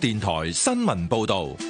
電台新聞報道。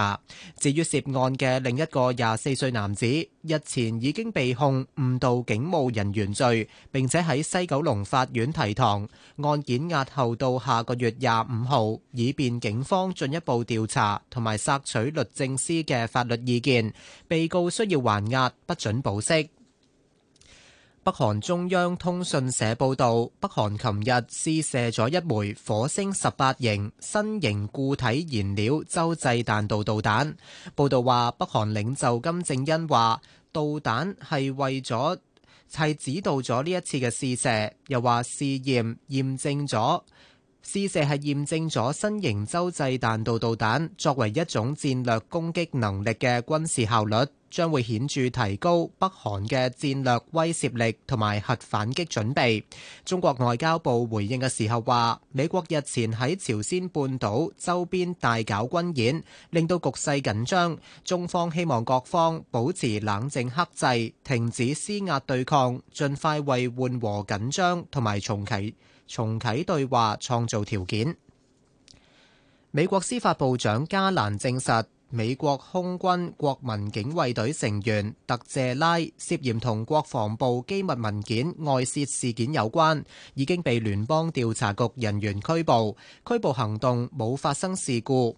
至於涉案嘅另一個廿四歲男子，日前已經被控誤導警務人員罪，並且喺西九龍法院提堂，案件押後到下個月廿五號，以便警方進一步調查同埋索取律政司嘅法律意見。被告需要還押，不准保釋。北韓中央通訊社報道，北韓琴日試射咗一枚火星十八型新型固體燃料洲際彈道導彈。報道話，北韓領袖金正恩話，導彈係為咗係指導咗呢一次嘅試射，又話試驗驗證咗。試射係驗證咗新型洲際彈道導彈作為一種戰略攻擊能力嘅軍事效率，將會顯著提高北韓嘅戰略威懾力同埋核反擊準備。中國外交部回應嘅時候話：美國日前喺朝鮮半島周邊大搞軍演，令到局勢緊張。中方希望各方保持冷靜克制，停止施壓對抗，盡快為緩和緊張同埋重啟。重啟對話，創造條件。美國司法部長加蘭證實，美國空軍國民警衛隊成員特謝拉涉嫌同國防部機密文件外泄事件有關，已經被聯邦調查局人員拘捕，拘捕行動冇發生事故。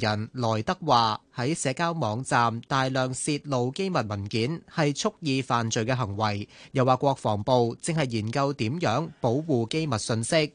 人萊德話喺社交網站大量洩露機密文件係蓄意犯罪嘅行為，又話國防部正係研究點樣保護機密信息。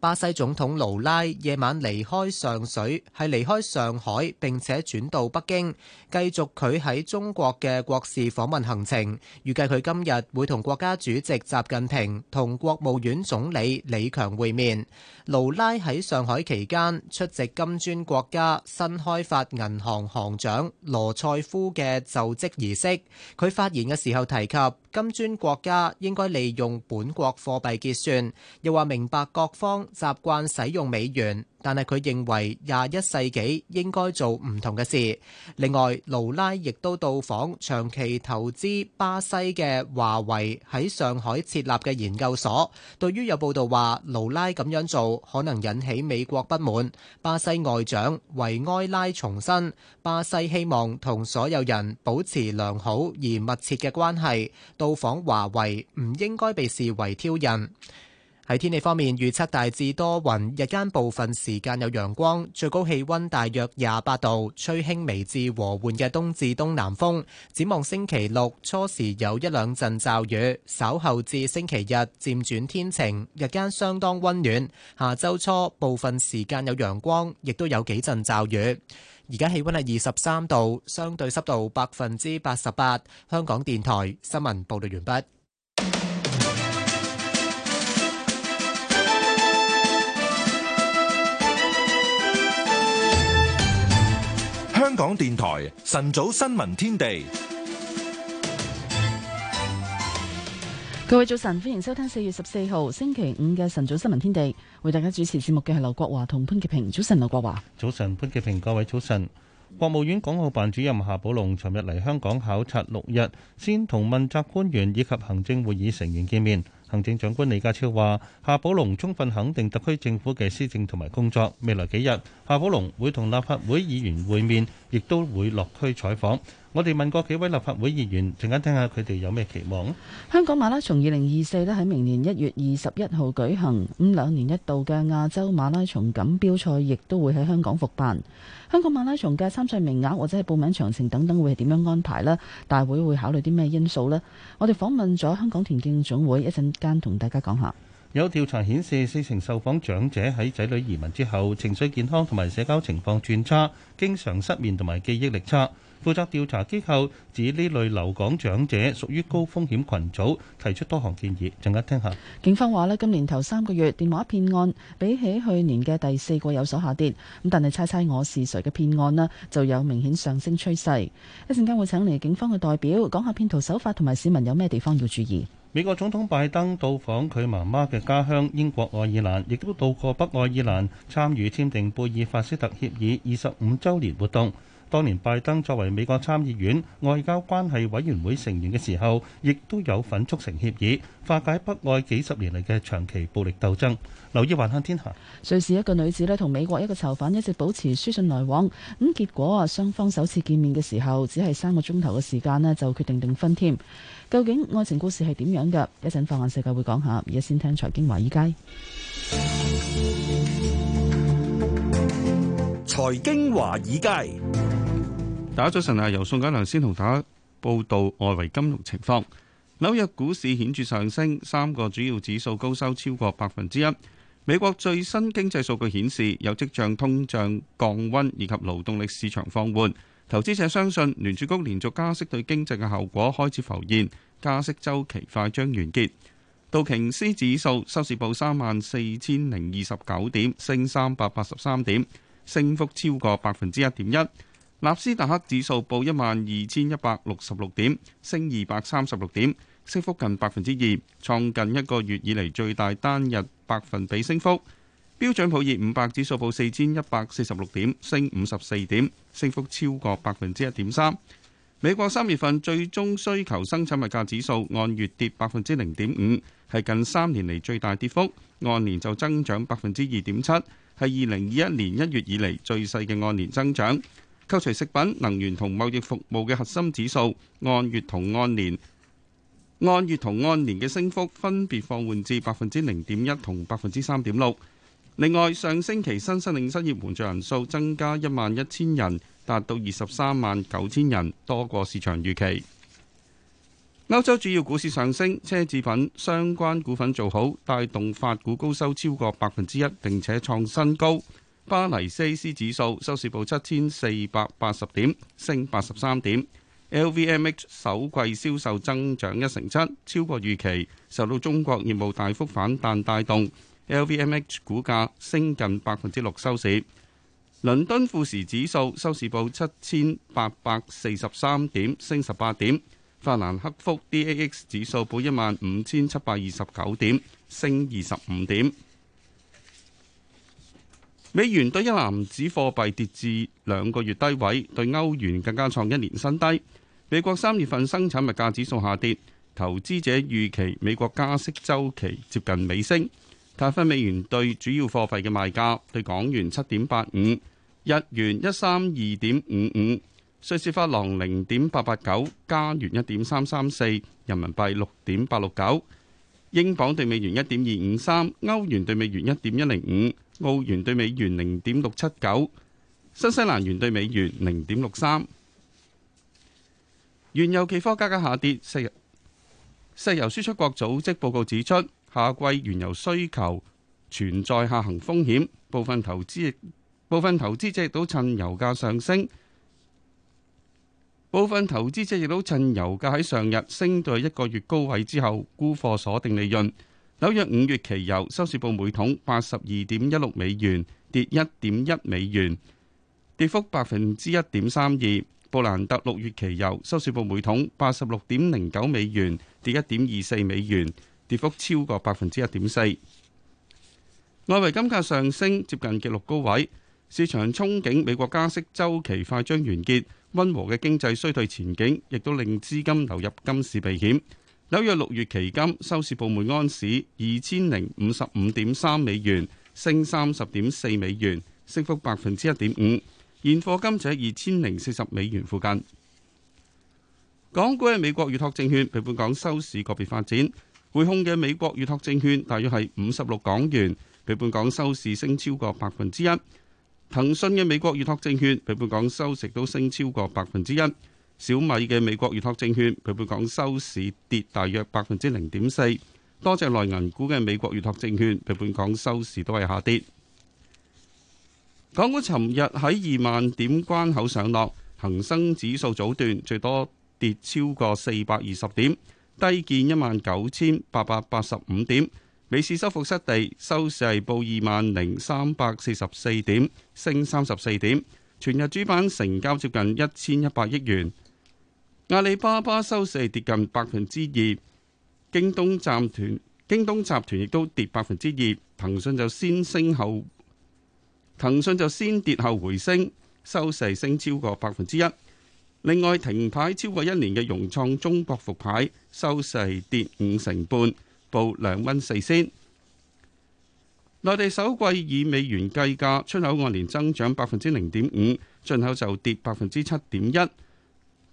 巴西總統盧拉夜晚離開上水，係離開上海並且轉到北京，繼續佢喺中國嘅國事訪問行程。預計佢今日會同國家主席習近平同國務院總理李強會面。盧拉喺上海期間出席金磚國家新開發銀行行長羅塞夫嘅就職儀式。佢發言嘅時候提及，金磚國家應該利用本國貨幣結算，又話明白各方習慣使用美元，但係佢認為廿一世紀應該做唔同嘅事。另外，盧拉亦都到訪長期投資巴西嘅華為喺上海設立嘅研究所。對於有報道話盧拉咁樣做可能引起美國不滿，巴西外長維埃拉重申，巴西希望同所有人保持良好而密切嘅關係。到訪華為唔應該被視為挑釁。喺天氣方面，預測大致多雲，日間部分時間有陽光，最高氣温大約廿八度，吹輕微至和緩嘅東至東南風。展望星期六初時有一兩陣驟雨，稍後至星期日漸轉天晴，日間相當温暖。下周初部分時間有陽光，亦都有幾陣驟雨。而家氣温係二十三度，相對濕度百分之八十八。香港電台新聞報道完畢。香港電台晨早新聞天地，各位早晨，歡迎收聽四月十四號星期五嘅晨早新聞天地，為大家主持節目嘅係劉國華同潘潔平。早晨，劉國華。早晨，潘潔平。各位早晨。國務院港澳辦主任夏寶龍尋日嚟香港考察六日，先同問責官員以及行政會議成員見面。行政長官李家超話：夏寶龍充分肯定特區政府嘅施政同埋工作。未來幾日，夏寶龍會同立法會議員會面，亦都會落區採訪。我哋問過幾位立法會議員，陣間聽下佢哋有咩期望。香港馬拉松二零二四咧喺明年一月二十一號舉行，咁兩年一度嘅亞洲馬拉松錦標賽亦都會喺香港復辦。香港馬拉松嘅參賽名額或者係報名詳情等等，會係點樣安排呢？大會會考慮啲咩因素呢？我哋訪問咗香港田徑總會，一陣間同大家講下。有調查顯示，四成受訪長者喺仔女移民之後，情緒健康同埋社交情況轉差，經常失眠同埋記憶力差。負責調查機構指呢類留港長者屬於高風險群組，提出多項建議，陣間聽下。警方話咧，今年頭三個月電話騙案比起去年嘅第四季有所下跌，咁但係猜猜我是誰嘅騙案呢？就有明顯上升趨勢。一陣間會請嚟警方嘅代表講下騙徒手法同埋市民有咩地方要注意。美國總統拜登到訪佢媽媽嘅家鄉英國愛爾蘭，亦都到過北愛爾蘭參與簽訂貝爾法斯特協議二十五周年活動。.當年拜登作為美國參議院外交關係委員會成員嘅時候，亦都有份促成協議，化解北愛幾十年嚟嘅長期暴力鬥爭。留意《環行天下》瑞士一個女子呢同美國一個囚犯一直保持書信來往，咁、嗯、結果啊，雙方首次見面嘅時候，只係三個鐘頭嘅時間呢就決定訂婚添。究竟愛情故事係點樣噶？一陣放眼世界會講下，而家先聽財經華爾街。財經華爾街。打早晨啊，由宋家良先同大家報道外圍金融情況。紐約股市顯著上升，三個主要指數高收超過百分之一。美國最新經濟數據顯示有跡象通脹降溫以及勞動力市場放緩，投資者相信聯儲局連續加息對經濟嘅效果開始浮現，加息周期快將完結。道瓊斯指數收市報三萬四千零二十九點，升三百八十三點，升幅超過百分之一點一。納斯達克指數報一萬二千一百六十六點，升二百三十六點，升幅近百分之二，創近一個月以嚟最大單日百分比升幅。標準普爾五百指數報四千一百四十六點，升五十四點，升幅超過百分之一點三。美國三月份最終需求生產物價指數按月跌百分之零點五，係近三年嚟最大跌幅，按年就增長百分之二點七，係二零二一年一月以嚟最細嘅按年增長。扣除食品、能源同貿易服務嘅核心指數，按月同按年，按月同按年嘅升幅分別放緩至百分之零點一同百分之三點六。另外，上星期新申請失業援助人數增加一萬一千人，達到二十三萬九千人，多過市場預期。歐洲主要股市上升，奢侈品相關股份做好，帶動法股高收超過百分之一，並且創新高。巴黎 CAC 指數收市報七千四百八十點，升八十三點。LVMH 首季銷售增長一成七，超過預期，受到中國業務大幅反彈帶動。LVMH 股價升近百分之六收市。倫敦富時指數收市報七千八百四十三點，升十八點。法蘭克福 DAX 指數報一萬五千七百二十九點，升二十五點。美元兌一籃子貨幣跌至兩個月低位，對歐元更加創一年新低。美國三月份生產物價指數下跌，投資者預期美國加息周期接近尾聲。睇下美元對主要貨幣嘅賣價，對港元七點八五，日元一三二點五五，瑞士法郎零點八八九，加元一點三三四，人民幣六點八六九，英鎊對美元一點二五三，歐元對美元一點一零五。澳元兌美元零點六七九，新西蘭元兌美元零點六三。原油期貨價格下跌。石油輸出國組織報告指出，夏季原油需求存在下行風險。部分投資亦部分投資者亦都趁油價上升，部分投資者亦都趁油價喺上日升到一個月高位之後沽貨鎖定利潤。紐約五月期油收市報每桶八十二點一六美元，跌一點一美元，跌幅百分之一點三二。布蘭特六月期油收市報每桶八十六點零九美元，跌一點二四美元，跌幅超過百分之一點四。外圍金價上升接近紀錄高位，市場憧憬美國加息周期快將完結，温和嘅經濟衰退前景亦都令資金流入金市避險。紐約六月期金收市報每安士二千零五十五點三美元，升三十點四美元，升幅百分之一點五。現貨金者二千零四十美元附近。港股嘅美國預託證券，比本港收市個別發展。匯控嘅美國預託證券，大約係五十六港元，比本港收市升超過百分之一。騰訊嘅美國預託證券，比本港收市都升超過百分之一。小米嘅美國預託證券，比本港收市跌大約百分之零點四。多隻內銀股嘅美國預託證券，比本港收市都係下跌。港股尋日喺二萬點關口上落，恒生指數早段最多跌超過四百二十點，低見一萬九千八百八十五點。美市收復失地，收市係報二萬零三百四十四點，升三十四點。全日主板成交接近一千一百億元。阿里巴巴收市跌近百分之二，京東集團京東集團亦都跌百分之二，騰訊就先升後騰訊就先跌後回升，收市升超過百分之一。另外，停牌超過一年嘅融創中國復牌，收市跌五成半，報兩蚊四仙。內地首季以美元計價出口按年增長百分之零點五，進口就跌百分之七點一。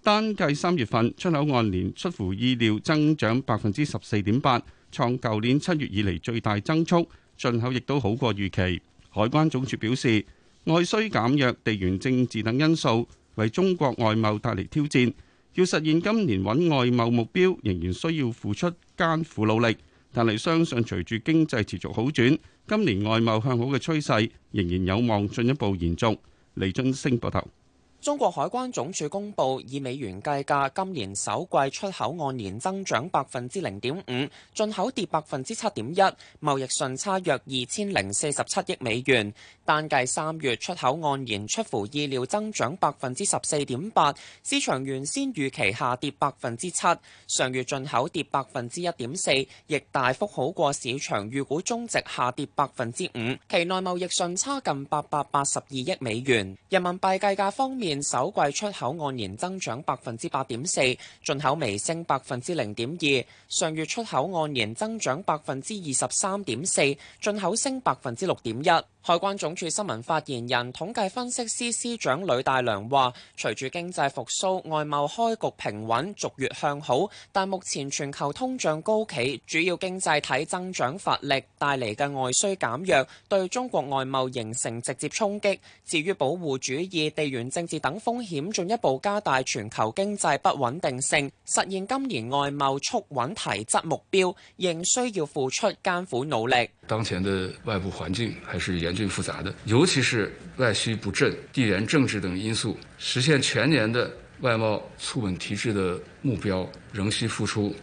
單計三月份出口按年出乎意料增長百分之十四點八，創舊年七月以來最大增速。進口亦都好過預期。海關總署表示，外需減弱、地緣政治等因素為中國外貿帶嚟挑戰。要實現今年穩外貿目標，仍然需要付出艱苦努力。但係相信，隨住經濟持續好轉，今年外貿向好嘅趨勢仍然有望進一步延續。李津升報道。中國海關總署公布，以美元計價，今年首季出口按年增長百分之零點五，進口跌百分之七點一，貿易順差約二千零四十七億美元。單計三月出口按年出乎意料增長百分之十四點八，市場原先預期下跌百分之七。上月進口跌百分之一點四，亦大幅好過市場預估中值下跌百分之五，期內貿易順差近八百八十二億美元。人民幣計價方面，首季出口按年增長百分之八點四，進口微升百分之零點二。上月出口按年增長百分之二十三點四，進口升百分之六點一。海關總署新聞發言人、統計分析司司長呂大良話，隨住經濟復甦外貿開局平穩逐月向好。但目前全球通脹高企，主要經濟體增長乏力，帶嚟嘅外需減弱，對中國外貿形成直接衝擊，至於保護主義地緣政治，等風險進一步加大全球經濟不穩定性，實現今年外貿促穩提質目標仍需要付出艱苦努力。當前的外部環境還是嚴峻複雜的，尤其是外需不振、地緣政治等因素，實現全年的外貿促穩提質的目標仍需付出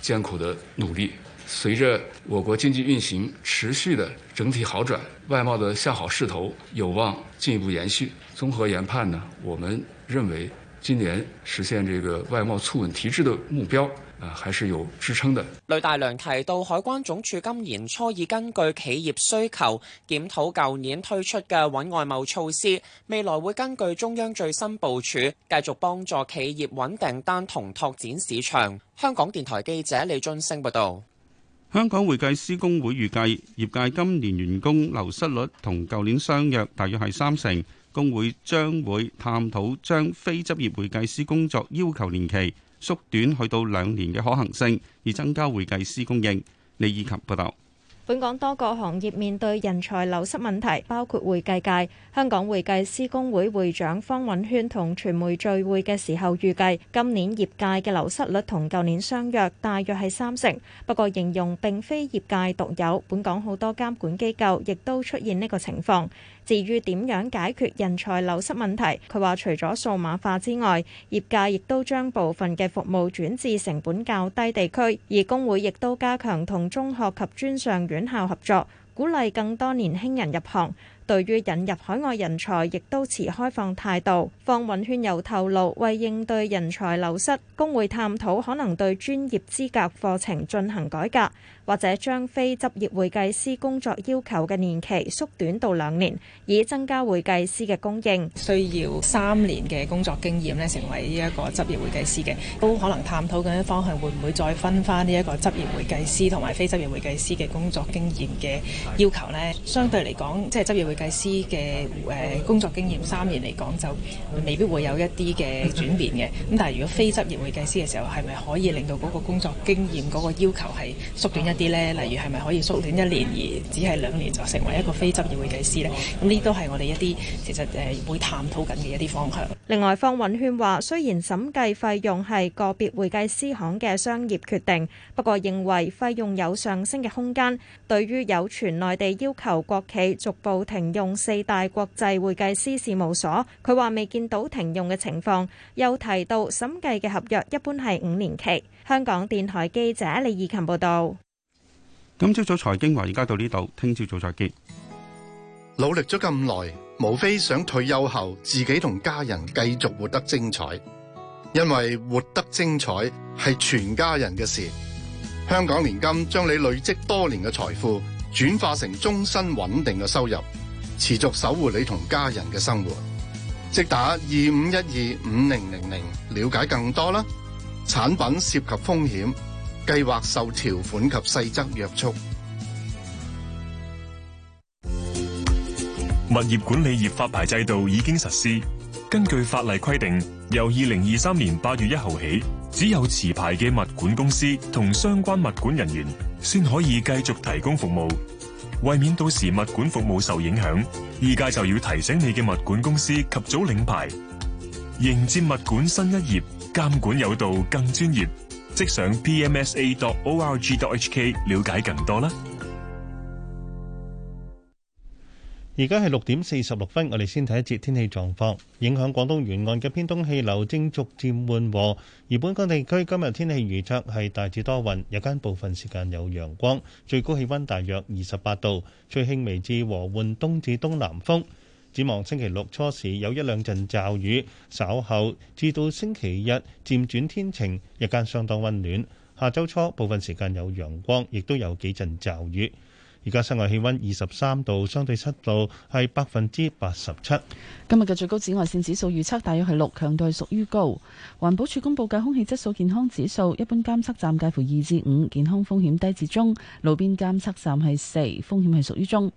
艱苦的努力。隨着我國經濟運行持續的整體好轉，外貿的向好勢頭有望進一步延續。綜合研判呢，我們認為今年實現這個外貿促穩提質的目標，啊，還是有支撐的。雷大良提到，海關總署今年初已根據企業需求檢討舊年推出嘅穩外貿措施，未來會根據中央最新部署，繼續幫助企業穩訂單同拓展市場。香港電台記者李俊升報道。香港會計師公會預計，業界今年員工流失率同舊年相若，大約係三成。公會將會探討將非執業會計師工作要求年期縮短去到兩年嘅可行性，以增加會計師供應。李以琴報道。本港多個行業面對人才流失問題，包括會計界。香港會計師公會會長方允軒同傳媒聚會嘅時候預計，今年業界嘅流失率同舊年相若，大約係三成。不過，形容並非業界獨有，本港好多監管機構亦都出現呢個情況。至於點樣解決人才流失問題，佢話除咗數碼化之外，業界亦都將部分嘅服務轉至成本較低地區，而工會亦都加強同中學及專上院校合作，鼓勵更多年輕人入行。對於引入海外人才，亦都持開放態度。方允勳又透露，為應對人才流失，工會探討可能對專業資格課程進行改革。或者將非執業會計師工作要求嘅年期縮短到兩年，以增加會計師嘅供應。需要三年嘅工作經驗咧，成為呢一個執業會計師嘅，都可能探討緊啲方向，會唔會再分翻呢一個執業會計師同埋非執業會計師嘅工作經驗嘅要求咧？相對嚟講，即係執業會計師嘅誒工作經驗三年嚟講就未必會有一啲嘅轉變嘅。咁但係如果非執業會計師嘅時候，係咪可以令到嗰個工作經驗嗰個要求係縮短一？啲例如係咪可以縮短一年而只係兩年就成為一個非執業會計師呢？咁呢都係我哋一啲其實誒會探討緊嘅一啲方向。另外，方允勸話，雖然審計費用係個別會計師行嘅商業決定，不過認為費用有上升嘅空間。對於有傳內地要求國企逐步停用四大國際會計師事務所，佢話未見到停用嘅情況。又提到審計嘅合約一般係五年期。香港電台記者李以琴報道。今朝早財經話而家到呢度，聽朝早再見。努力咗咁耐，無非想退休後自己同家人繼續活得精彩，因為活得精彩係全家人嘅事。香港年金將你累積多年嘅財富轉化成終身穩定嘅收入，持續守護你同家人嘅生活。即打二五一二五零零零，了解更多啦。產品涉及風險。計劃受條款及細則約束。物業管理業發牌制度已經實施，根據法例規定，由二零二三年八月一號起，只有持牌嘅物管公司同相關物管人員，先可以繼續提供服務。為免到時物管服務受影響，依家就要提醒你嘅物管公司及早領牌，迎接物管新一頁，監管有道更專業。即上 pmsa.org.hk 了解更多啦。而家係六點四十六分，我哋先睇一節天氣狀況。影響廣東沿岸嘅偏東氣流正逐漸緩和，而本港地區今日天氣預測係大致多雲，日間部分時間有陽光，最高氣温大約二十八度，吹輕微至和緩東至東南風。展望，星期六初時有一兩陣驟雨，稍後至到星期日漸轉天晴，日間相當温暖。下周初部分時間有陽光，亦都有幾陣驟雨。而家室外氣温二十三度，相對濕度係百分之八十七。今日嘅最高紫外線指數預測大約係六，強度係屬於高。環保署公布嘅空氣質素健康指數，一般監測站介乎二至五，健康風險低至中；路邊監測站係四，風險係屬於中。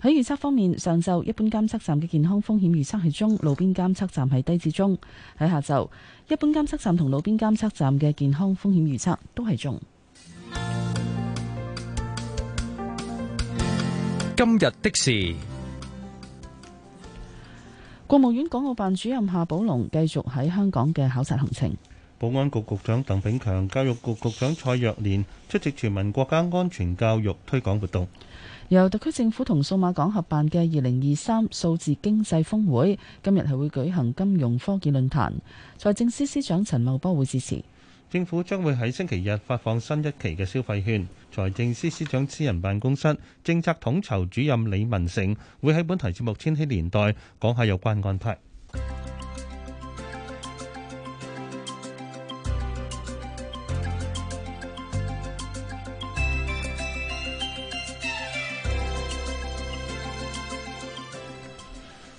喺預測方面，上晝一般監測站嘅健康風險預測係中，路邊監測站係低至中。喺下晝，一般監測站同路邊監測站嘅健康風險預測都係中。今日的事，國務院港澳辦主任夏寶龍繼續喺香港嘅考察行程。保安局局長鄧炳強、教育局局長蔡若蓮出席全民國家安全教育推廣活動。由特區政府同數碼港合辦嘅二零二三數字經濟峰會，今日係會舉行金融科技論壇。財政司司長陳茂波會致辭。政府將會喺星期日發放新一期嘅消費券。財政司司長私人辦公室政策統籌主任李文成會喺本台節目《千禧年代》講下有關安排。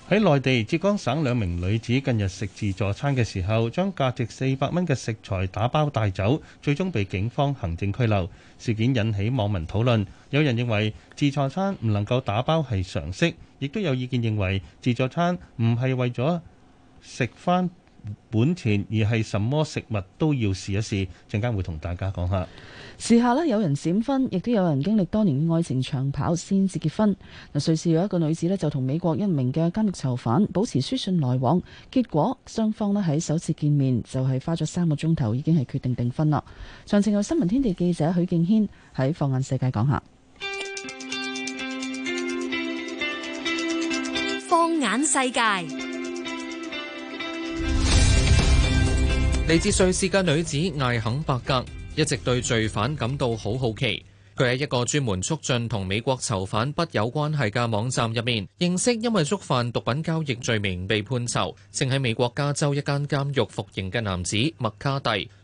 喺內地，浙江省兩名女子近日食自助餐嘅時候，將價值四百蚊嘅食材打包帶走，最終被警方行政拘留。事件引起網民討論，有人認為自助餐唔能夠打包係常識，亦都有意見認為自助餐唔係為咗食返。本田而係什麼食物都要試一試，陣間會同大家講下。時下咧，有人閃婚，亦都有人經歷多年愛情長跑先至結婚。瑞士有一個女子咧，就同美國一名嘅監獄囚犯保持書信來往，結果雙方咧喺首次見面就係花咗三個鐘頭，已經係決定訂婚啦。詳情由新聞天地記者許敬軒喺放眼世界講下，放眼世界。嚟自瑞士嘅女子艾肯伯格一直對罪犯感到好好奇。佢喺一個專門促進同美國囚犯不有關係嘅網站入面，認識因為觸犯毒品交易罪名被判囚，正喺美國加州一間監獄服刑嘅男子麥卡蒂。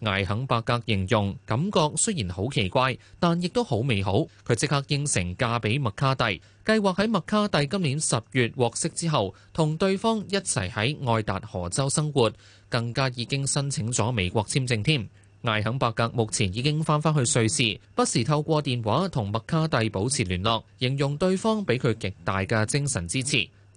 艾肯伯格形容感覺雖然好奇怪，但亦都好美好。佢即刻應承嫁俾麥卡蒂，計劃喺麥卡蒂今年十月獲釋之後，同對方一齊喺愛達荷州生活，更加已經申請咗美國簽證添。艾肯伯格目前已經翻返去瑞士，不時透過電話同麥卡蒂保持聯絡，形容對方俾佢極大嘅精神支持。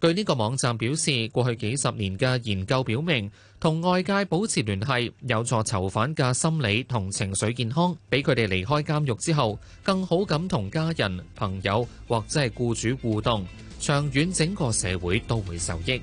據呢個網站表示，過去幾十年嘅研究表明，同外界保持聯繫有助囚犯嘅心理同情緒健康，俾佢哋離開監獄之後，更好咁同家人、朋友或者係雇主互動，長遠整個社會都會受益。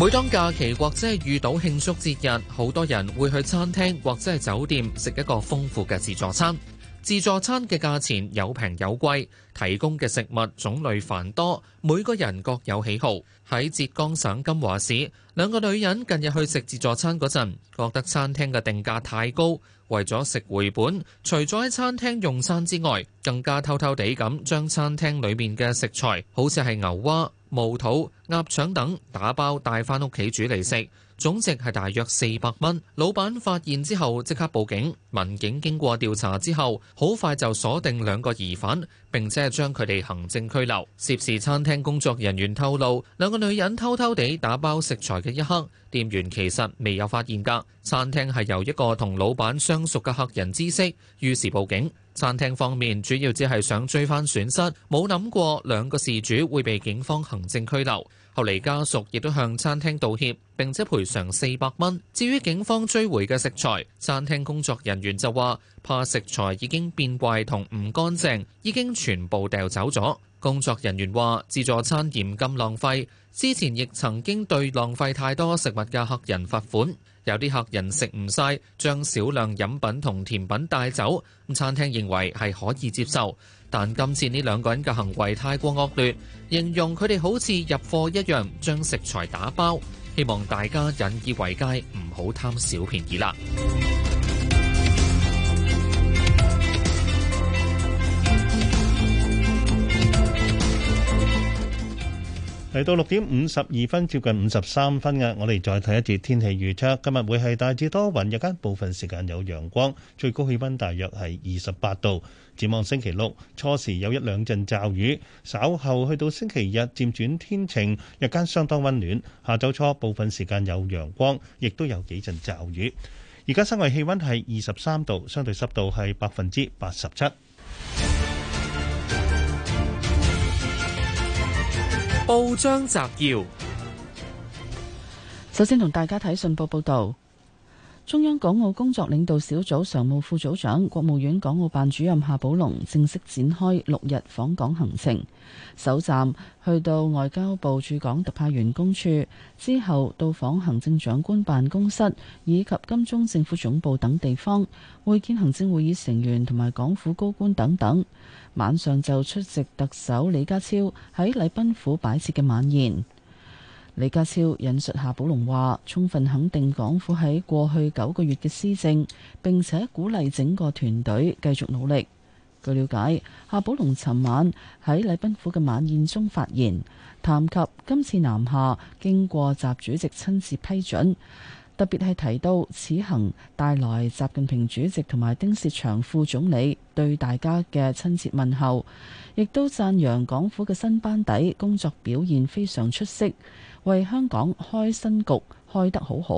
每當假期或者遇到慶祝節日，好多人會去餐廳或者係酒店食一個豐富嘅自助餐。自助餐嘅價錢有平有貴，提供嘅食物種類繁多，每個人各有喜好。喺浙江省金華市，兩個女人近日去食自助餐嗰陣，覺得餐廳嘅定價太高，為咗食回本，除咗喺餐廳用餐之外，更加偷偷哋咁將餐廳裏面嘅食材好似係牛蛙、毛肚、鴨腸等打包帶翻屋企煮嚟食，總值係大約四百蚊。老闆發現之後即刻報警，民警經過調查之後，好快就鎖定兩個疑犯，並且將佢哋行政拘留。涉事餐廳工作人員透露，兩個女人偷偷地打包食材嘅一刻，店員其實未有發現噶。餐廳係由一個同老闆相熟嘅客人知悉，於是報警。餐廳方面主要只係想追翻損失，冇諗過兩個事主會被警方行政拘留。後嚟家屬亦都向餐廳道歉，並且賠償四百蚊。至於警方追回嘅食材，餐廳工作人員就話怕食材已經變壞同唔乾淨，已經全部掉走咗。工作人員話自助餐嚴禁浪費，之前亦曾經對浪費太多食物嘅客人罰款。有啲客人食唔晒，將少量飲品同甜品帶走，餐廳認為係可以接受。但今次呢兩個人嘅行為太過惡劣，形容佢哋好似入貨一樣將食材打包，希望大家引以為戒，唔好貪小便宜啦。嚟到六點五十二分，接近五十三分呀。我哋再睇一節天氣預測。今日會係大致多雲，日間部分時間有陽光，最高氣溫大約係二十八度。展望星期六初時有一兩陣驟雨，稍後去到星期日漸轉天晴，日間相當溫暖。下周初部分時間有陽光，亦都有幾陣驟雨。而家室外氣溫係二十三度，相對濕度係百分之八十七。報章摘要：首先同大家睇信報報道，中央港澳工作領導小組常務副組長、國務院港澳辦主任夏寶龍正式展開六日訪港行程，首站去到外交部駐港特派員公署，之後到訪行政長官辦公室以及金鐘政府總部等地方，會見行政會議成員同埋港府高官等等。晚上就出席特首李家超喺禮賓府擺設嘅晚宴。李家超引述夏寶龍話，充分肯定港府喺過去九個月嘅施政，並且鼓勵整個團隊繼續努力。據了解，夏寶龍尋晚喺禮賓府嘅晚宴中發言，談及今次南下經過習主席親自批准。特別係提到此行帶來習近平主席同埋丁薛祥副總理對大家嘅親切問候，亦都讚揚港府嘅新班底工作表現非常出色，為香港開新局開得好好。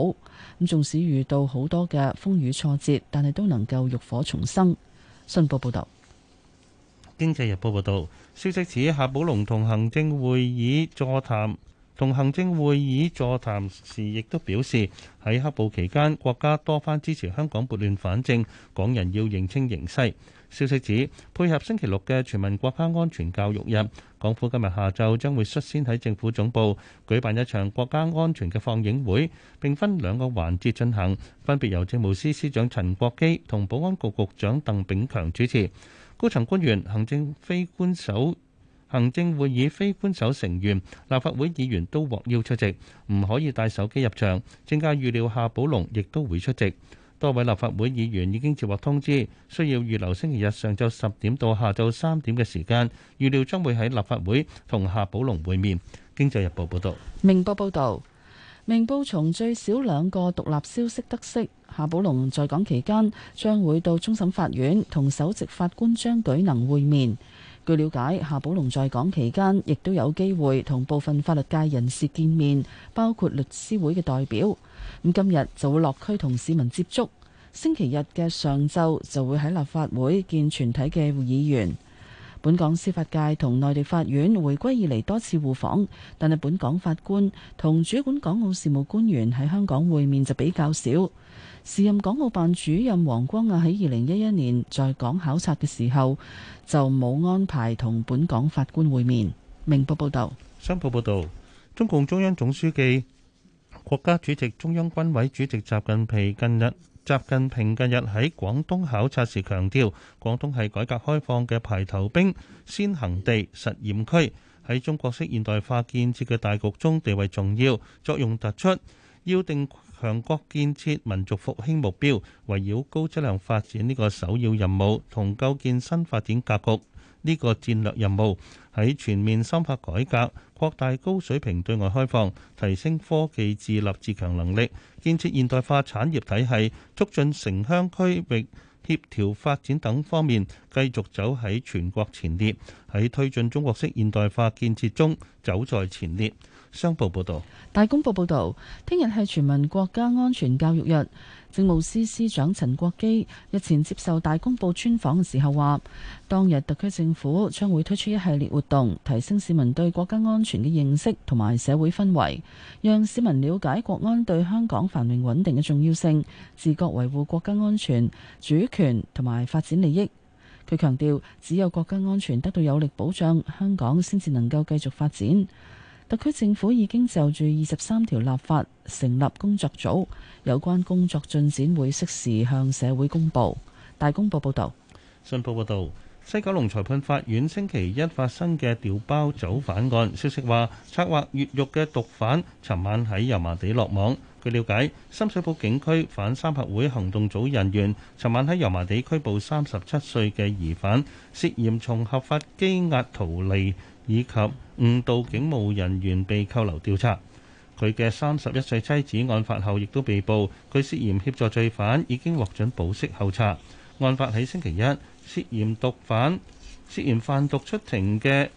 咁，縱使遇到好多嘅風雨挫折，但係都能夠浴火重生。信報報導，《經濟日報》報導消息指，夏寶龍同行政會議座談。同行政會議座談時，亦都表示喺黑暴期間，國家多番支持香港撥亂反正，港人要認清形勢。消息指，配合星期六嘅全民國家安全教育日，港府今日下晝將會率先喺政府總部舉辦一場國家安全嘅放映會，並分兩個環節進行，分別由政務司司長陳國基同保安局局長鄧炳強主持。高層官員、行政非官守。行政會議非官守成員、立法會議員都獲邀出席，唔可以帶手機入場。政界預料夏寶龍亦都會出席。多位立法會議員已經接獲通知，需要預留星期日上晝十點到下晝三點嘅時間，預料將會喺立法會同夏寶龍會面。經濟日報報道。明報報導，明報從最少兩個獨立消息得悉，夏寶龍在港期間將會到終審法院同首席法官張舉能會面。據了解，夏寶龍在港期間亦都有機會同部分法律界人士見面，包括律師會嘅代表。咁今日就會落區同市民接觸，星期日嘅上晝就會喺立法會見全體嘅會議員。本港司法界同內地法院回歸以嚟多次互訪，但係本港法官同主管港澳事務官員喺香港會面就比較少。時任港澳辦主任王光亞喺二零一一年在港考察嘅時候就冇安排同本港法官會面。明報報道，商報報道，中共中央總書記、國家主席、中央軍委主席習近平近日，習近平近日喺廣東考察時強調，廣東係改革開放嘅排頭兵、先行地實驗區、實驗區，喺中國式現代化建設嘅大局中地位重要、作用突出，要定。強國建設、民族復興目標，圍繞高質量發展呢個首要任務，同構建新發展格局呢個戰略任務，喺全面深化改革、擴大高水平對外開放、提升科技自立自強能力、建設現代化產業體系、促進城鄉區域協調發展等方面，繼續走喺全國前列；喺推進中國式現代化建設中，走在前列。商報報道，大公報報道，聽日係全民國家安全教育日。政務司司長陳國基日前接受大公報專訪嘅時候話，當日特區政府將會推出一系列活動，提升市民對國家安全嘅認識同埋社會氛圍，讓市民了解國安對香港繁榮穩定嘅重要性，自覺維護國家安全、主權同埋發展利益。佢強調，只有國家安全得到有力保障，香港先至能夠繼續發展。特區政府已經就住二十三條立法成立工作組，有關工作進展會適時向社會公佈。大公報報導，信報報導，西九龍裁判法院星期一發生嘅掉包走犯案，消息話策劃越獄嘅毒販，尋晚喺油麻地落網。據了解，深水埗警區反三合會行動組人員尋晚喺油麻地拘捕三十七歲嘅疑犯，涉嫌從合法羈押逃離。以及誤導警務人員被扣留調查，佢嘅三十一歲妻子案發後亦都被捕，佢涉嫌協助罪犯，已經獲准保釋候查。案發喺星期一，涉嫌毒犯、涉嫌販毒出庭嘅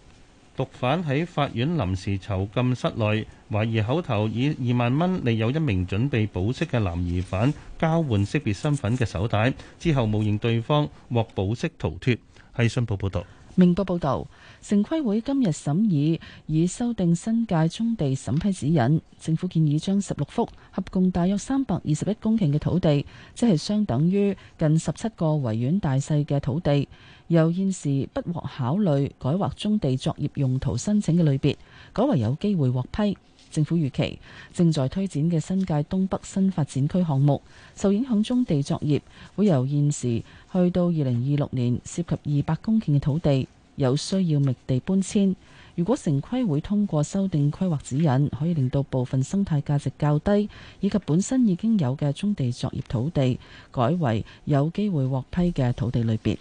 毒犯喺法院臨時囚禁室內，懷疑口頭以二萬蚊利誘一名準備保釋嘅男疑犯交換識別身份嘅手帶，之後冒認對方獲保釋逃脫。係信報報道。明報報導，城規會今日審議，以修訂新界棕地審批指引。政府建議將十六幅合共大約三百二十一公頃嘅土地，即係相等於近十七個維園大細嘅土地，由現時不獲考慮改劃棕地作業用途申請嘅類別，改為有機會獲批。政府預期正在推展嘅新界東北新發展區項目，受影響棕地作業會由現時去到二零二六年，涉及二百公頃嘅土地有需要覓地搬遷。如果城規會通過修訂規劃指引，可以令到部分生態價值較低以及本身已經有嘅棕地作業土地，改為有機會獲批嘅土地類別。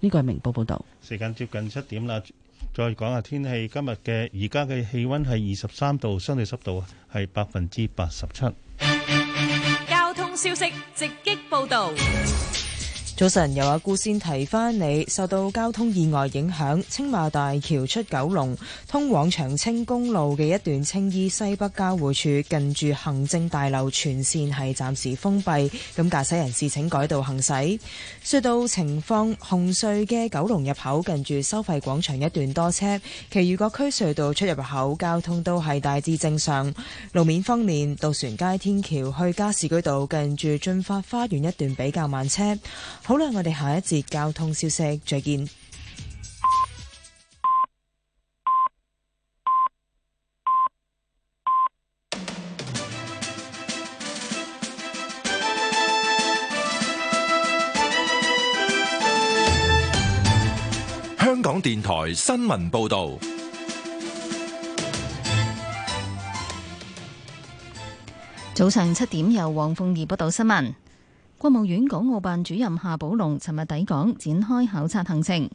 呢個係明報報道。時間接近七點啦。再講下天氣，今日嘅而家嘅氣溫係二十三度，相對濕度係百分之八十七。交通消息直擊報道。早晨，又阿姑先提翻你，受到交通意外影響，青馬大橋出九龍通往長青公路嘅一段青衣西北交匯處近住行政大樓全線係暫時封閉，咁駕駛人士請改道行駛。隧道情況，紅隧嘅九龍入口近住收費廣場一段多車，其餘各區隧道出入口交通都係大致正常。路面方面，渡船街天橋去加士居道近住駿發花園一段比較慢車。好啦，我哋下一節交通消息再見。香港電台新聞報道，早上七點由黃鳳儀報道新聞。國務院港澳辦主任夏寶龍尋日抵港展開考察行程，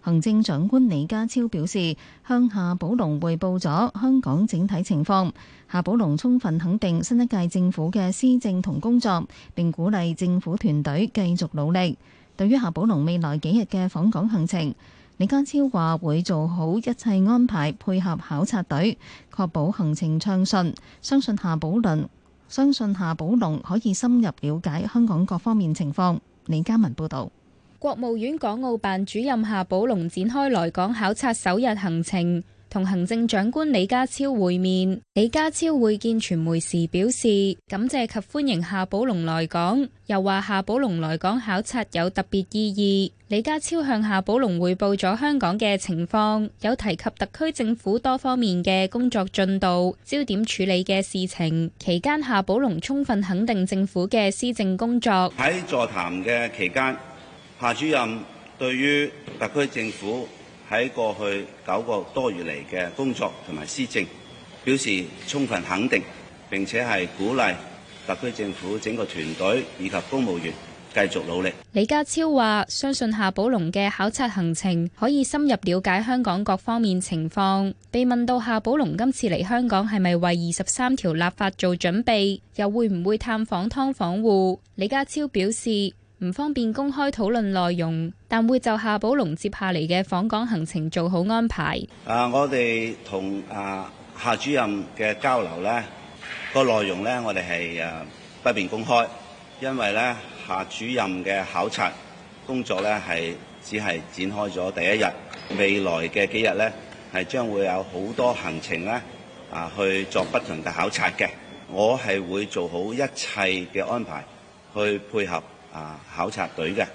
行政長官李家超表示，向夏寶龍匯報咗香港整體情況。夏寶龍充分肯定新一屆政府嘅施政同工作，並鼓勵政府團隊繼續努力。對於夏寶龍未來幾日嘅訪港行程，李家超話會做好一切安排配合考察隊，確保行程暢順。相信夏寶龍。相信夏寶龍可以深入了解香港各方面情況。李嘉文報導，國務院港澳辦主任夏寶龍展開來港考察首日行程。同行政長官李家超會面，李家超會見傳媒時表示感謝及歡迎夏寶龍來港，又話夏寶龍來港考察有特別意義。李家超向夏寶龍匯報咗香港嘅情況，有提及特區政府多方面嘅工作進度、焦點處理嘅事情。期間夏寶龍充分肯定政府嘅施政工作。喺座談嘅期間，夏主任對於特區政府喺過去九個多月嚟嘅工作同埋施政，表示充分肯定，並且係鼓勵特區政府整個團隊以及公務員繼續努力。李家超話：相信夏寶龍嘅考察行程可以深入了解香港各方面情況。被問到夏寶龍今次嚟香港係咪為二十三條立法做準備，又會唔會探訪劏房戶，李家超表示，唔方便公開討論內容，但會就夏寶龍接下嚟嘅訪港行程做好安排。啊，我哋同啊夏主任嘅交流咧，個內容咧，我哋係誒不便公開，因為咧夏主任嘅考察工作咧係只係展開咗第一日，未來嘅幾日咧係將會有好多行程咧啊，去作不同嘅考察嘅。我係會做好一切嘅安排去配合。啊！考察隊嘅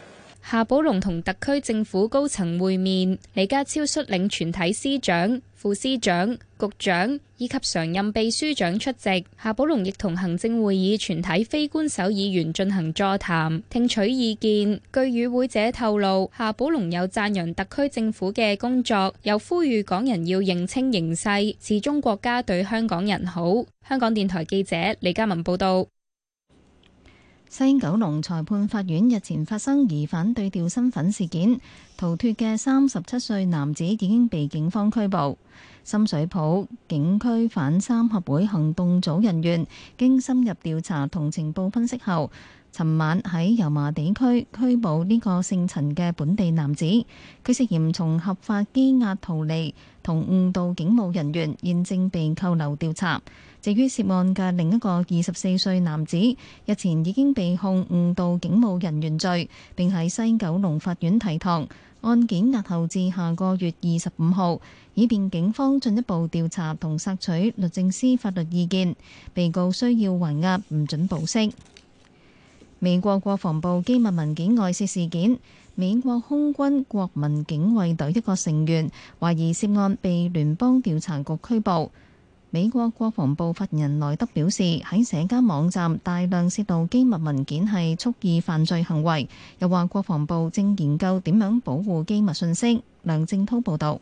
夏寶龍同特區政府高層會面，李家超率領全體司長、副司長、局長以及常任秘書長出席。夏寶龍亦同行政會議全體非官守議員進行座談，聽取意見。據與會者透露，夏寶龍有讚揚特區政府嘅工作，又呼籲港人要認清形勢，始終國家對香港人好。香港電台記者李嘉文報道。西九龍裁判法院日前發生疑犯對調身份事件，逃脫嘅三十七歲男子已經被警方拘捕。深水埗警區反三合會行動組人員經深入調查同情報分析後，尋晚喺油麻地區拘捕呢個姓陳嘅本地男子。佢涉嫌從合法羈押逃離同誤導警務人員，現正被扣留調查。至於涉案嘅另一個二十四歲男子，日前已經被控誤導警務人員罪，並喺西九龍法院提堂。案件押後至下個月二十五號，以便警方進一步調查同索取律政司法律意見。被告需要還押，唔准保釋。美國國防部機密文件外泄事件，美國空軍國民警衛隊一個成員懷疑涉案，被聯邦調查局拘捕。美國國防部發言人萊德表示，喺社交網站大量泄露機密文件係蓄意犯罪行為，又話國防部正研究點樣保護機密信息。梁正滔報導。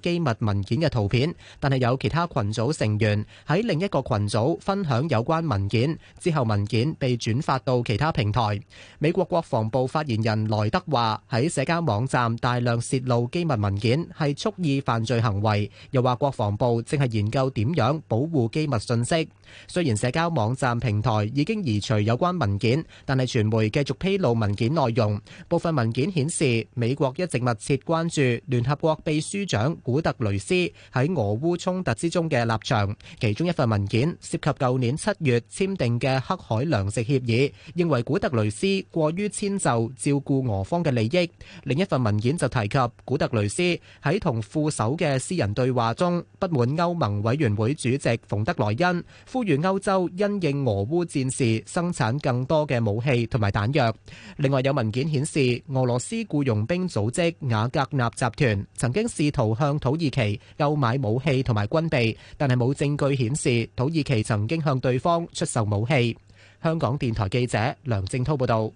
機密文件嘅圖片，但係有其他群組成員喺另一個群組分享有關文件，之後文件被轉發到其他平台。美國國防部發言人萊德話：喺社交網站大量洩露機密文件係蓄意犯罪行為。又話國防部正係研究點樣保護機密信息。雖然社交網站平台已經移除有關文件，但係傳媒繼續披露文件內容。部分文件顯示，美國一直密切關注聯合國秘書長。古特雷斯喺俄烏衝突之中嘅立場，其中一份文件涉及舊年七月簽訂嘅黑海糧食協議，認為古特雷斯過於遷就照顧俄方嘅利益；另一份文件就提及古特雷斯喺同副手嘅私人對話中，不滿歐盟委員會主席馮德萊恩，呼籲歐洲因應俄烏戰事生產更多嘅武器同埋彈藥。另外，有文件顯示，俄羅斯雇傭兵組織瓦格納集團曾經試圖向向土耳其購買武器同埋軍備，但係冇證據顯示土耳其曾經向對方出售武器。香港電台記者梁正濤報道。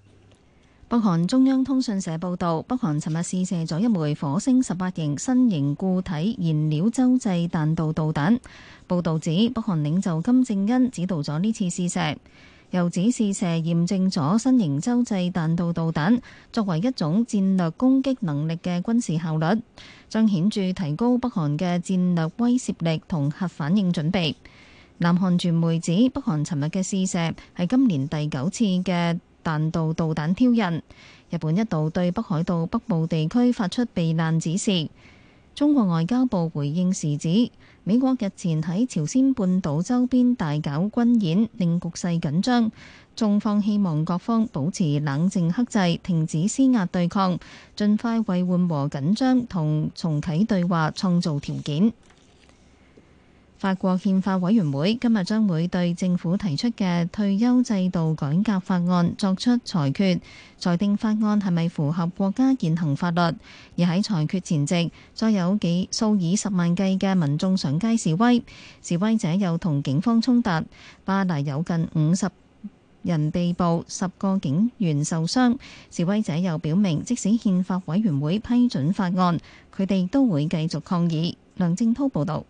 北韓中央通訊社報道，北韓尋日試射咗一枚火星十八型新型固體燃料洲際彈道導彈。報道指，北韓領袖金正恩指導咗呢次試射，又指試射驗證咗新型洲際彈道導彈作為一種戰略攻擊能力嘅軍事效率。將顯著提高北韓嘅戰略威懾力同核反應準備。南韓傳媒指，北韓尋日嘅試射係今年第九次嘅彈道導彈挑釁。日本一度對北海道北部地區發出避難指示。中國外交部回應時指，美國日前喺朝鮮半島周邊大搞軍演，令局勢緊張，中方希望各方保持冷靜克制，停止施壓對抗，盡快為緩和緊張同重啟對話創造條件。法國憲法委員會今日將會對政府提出嘅退休制度改革法案作出裁決，裁定法案係咪符合國家現行法律。而喺裁決前夕，再有幾數以十萬計嘅民眾上街示威，示威者又同警方衝突。巴黎有近五十人被捕，十個警員受傷。示威者又表明，即使憲法委員會批准法案，佢哋都會繼續抗議。梁正滔報導。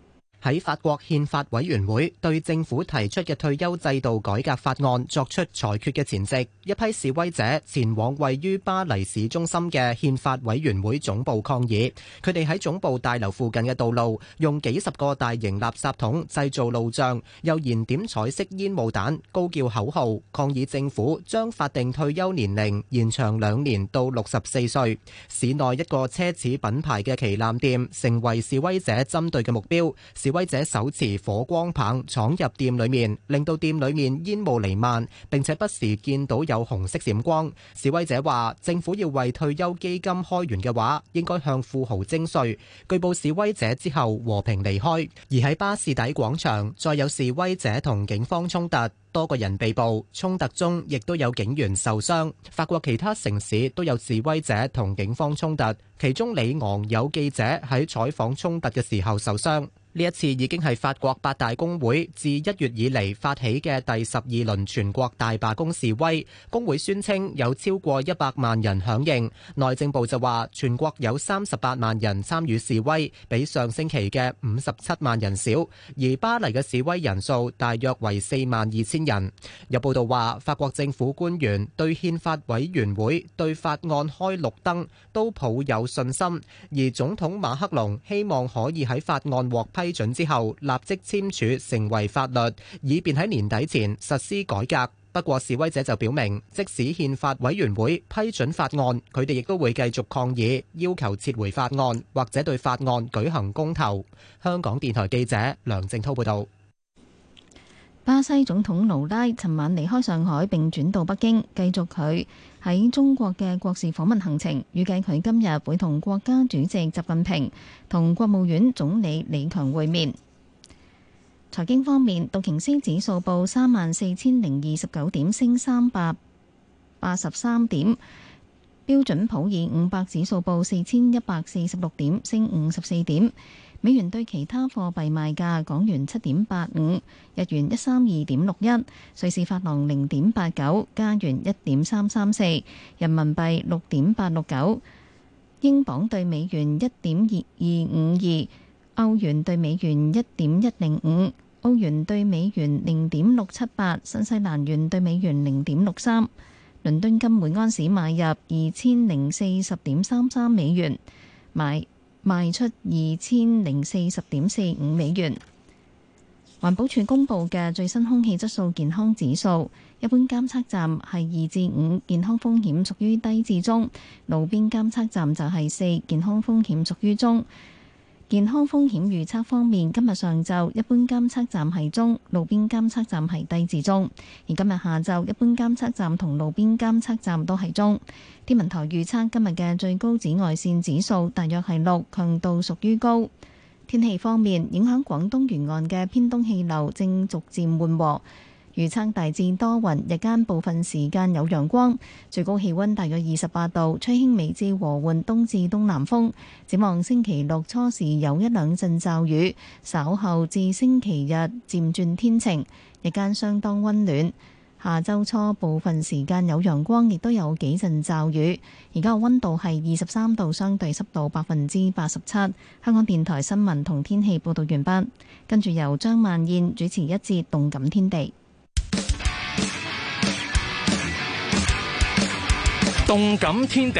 喺法國憲法委員會對政府提出嘅退休制度改革法案作出裁決嘅前夕，一批示威者前往位於巴黎市中心嘅憲法委員會總部抗議。佢哋喺總部大樓附近嘅道路用幾十個大型垃圾桶製造路障，又燃點彩色煙霧彈，高叫口號抗議政府將法定退休年齡延長兩年到六十四歲。市內一個奢侈品牌嘅旗艦店成為示威者針對嘅目標。示示威者手持火光棒闖入店裏面，令到店裏面煙霧彌漫，並且不時見到有紅色閃光。示威者話：政府要為退休基金開源嘅話，應該向富豪徵稅。據報，示威者之後和平離開。而喺巴士底廣場，再有示威者同警方衝突，多個人被捕。衝突中亦都有警員受傷。法國其他城市都有示威者同警方衝突，其中里昂有記者喺採訪衝突嘅時候受傷。呢一次已經係法國八大工會自一月以嚟發起嘅第十二輪全國大罷工示威，工會宣稱有超過一百萬人響應。內政部就話全國有三十八萬人參與示威，比上星期嘅五十七萬人少。而巴黎嘅示威人數大約為四萬二千人。有報道話法國政府官員對憲法委員會對法案開綠燈都抱有信心，而總統馬克龍希望可以喺法案獲批批准之後，立即簽署成為法律，以便喺年底前實施改革。不過示威者就表明，即使憲法委員會批准法案，佢哋亦都會繼續抗議，要求撤回法案，或者對法案舉行公投。香港電台記者梁靜滔報導。巴西總統盧拉尋晚離開上海，並轉到北京，繼續佢喺中國嘅國事訪問行程。預計佢今日會同國家主席習近平同國務院總理李強會面。財經方面，道瓊斯指數報三萬四千零二十九點，升三百八十三點；標準普爾五百指數報四千一百四十六點，升五十四點。美元對其他貨幣賣價：港元七點八五，日元一三二點六一，瑞士法郎零點八九，加元一點三三四，人民幣六點八六九，英鎊對美元一點二二五二，歐元對美元一點一零五，澳元對美元零點六七八，新西蘭元對美元零點六三。倫敦金每盎司買入二千零四十點三三美元，買賣出二千零四十點四五美元。環保署公布嘅最新空氣質素健康指數，一般監測站係二至五，健康風險屬於低至中；路邊監測站就係四，健康風險屬於中。健康風險預測方面，今日上晝一般監測站係中，路邊監測站係低至中。而今日下晝一般監測站同路邊監測站都係中。天文台預測今日嘅最高紫外綫指數大約係六，強度屬於高。天氣方面，影響廣東沿岸嘅偏東氣流正逐漸緩和。預測大致多雲，日間部分時間有陽光，最高氣温大約二十八度，吹輕微至和緩東至東南風。展望星期六初時有一兩陣驟雨，稍後至星期日漸轉天晴，日間相當温暖。下周初部分時間有陽光，亦都有幾陣驟雨。而家嘅温度係二十三度，相對濕度百分之八十七。香港電台新聞同天氣報道完畢，跟住由張曼燕主持一節動感天地。動感天地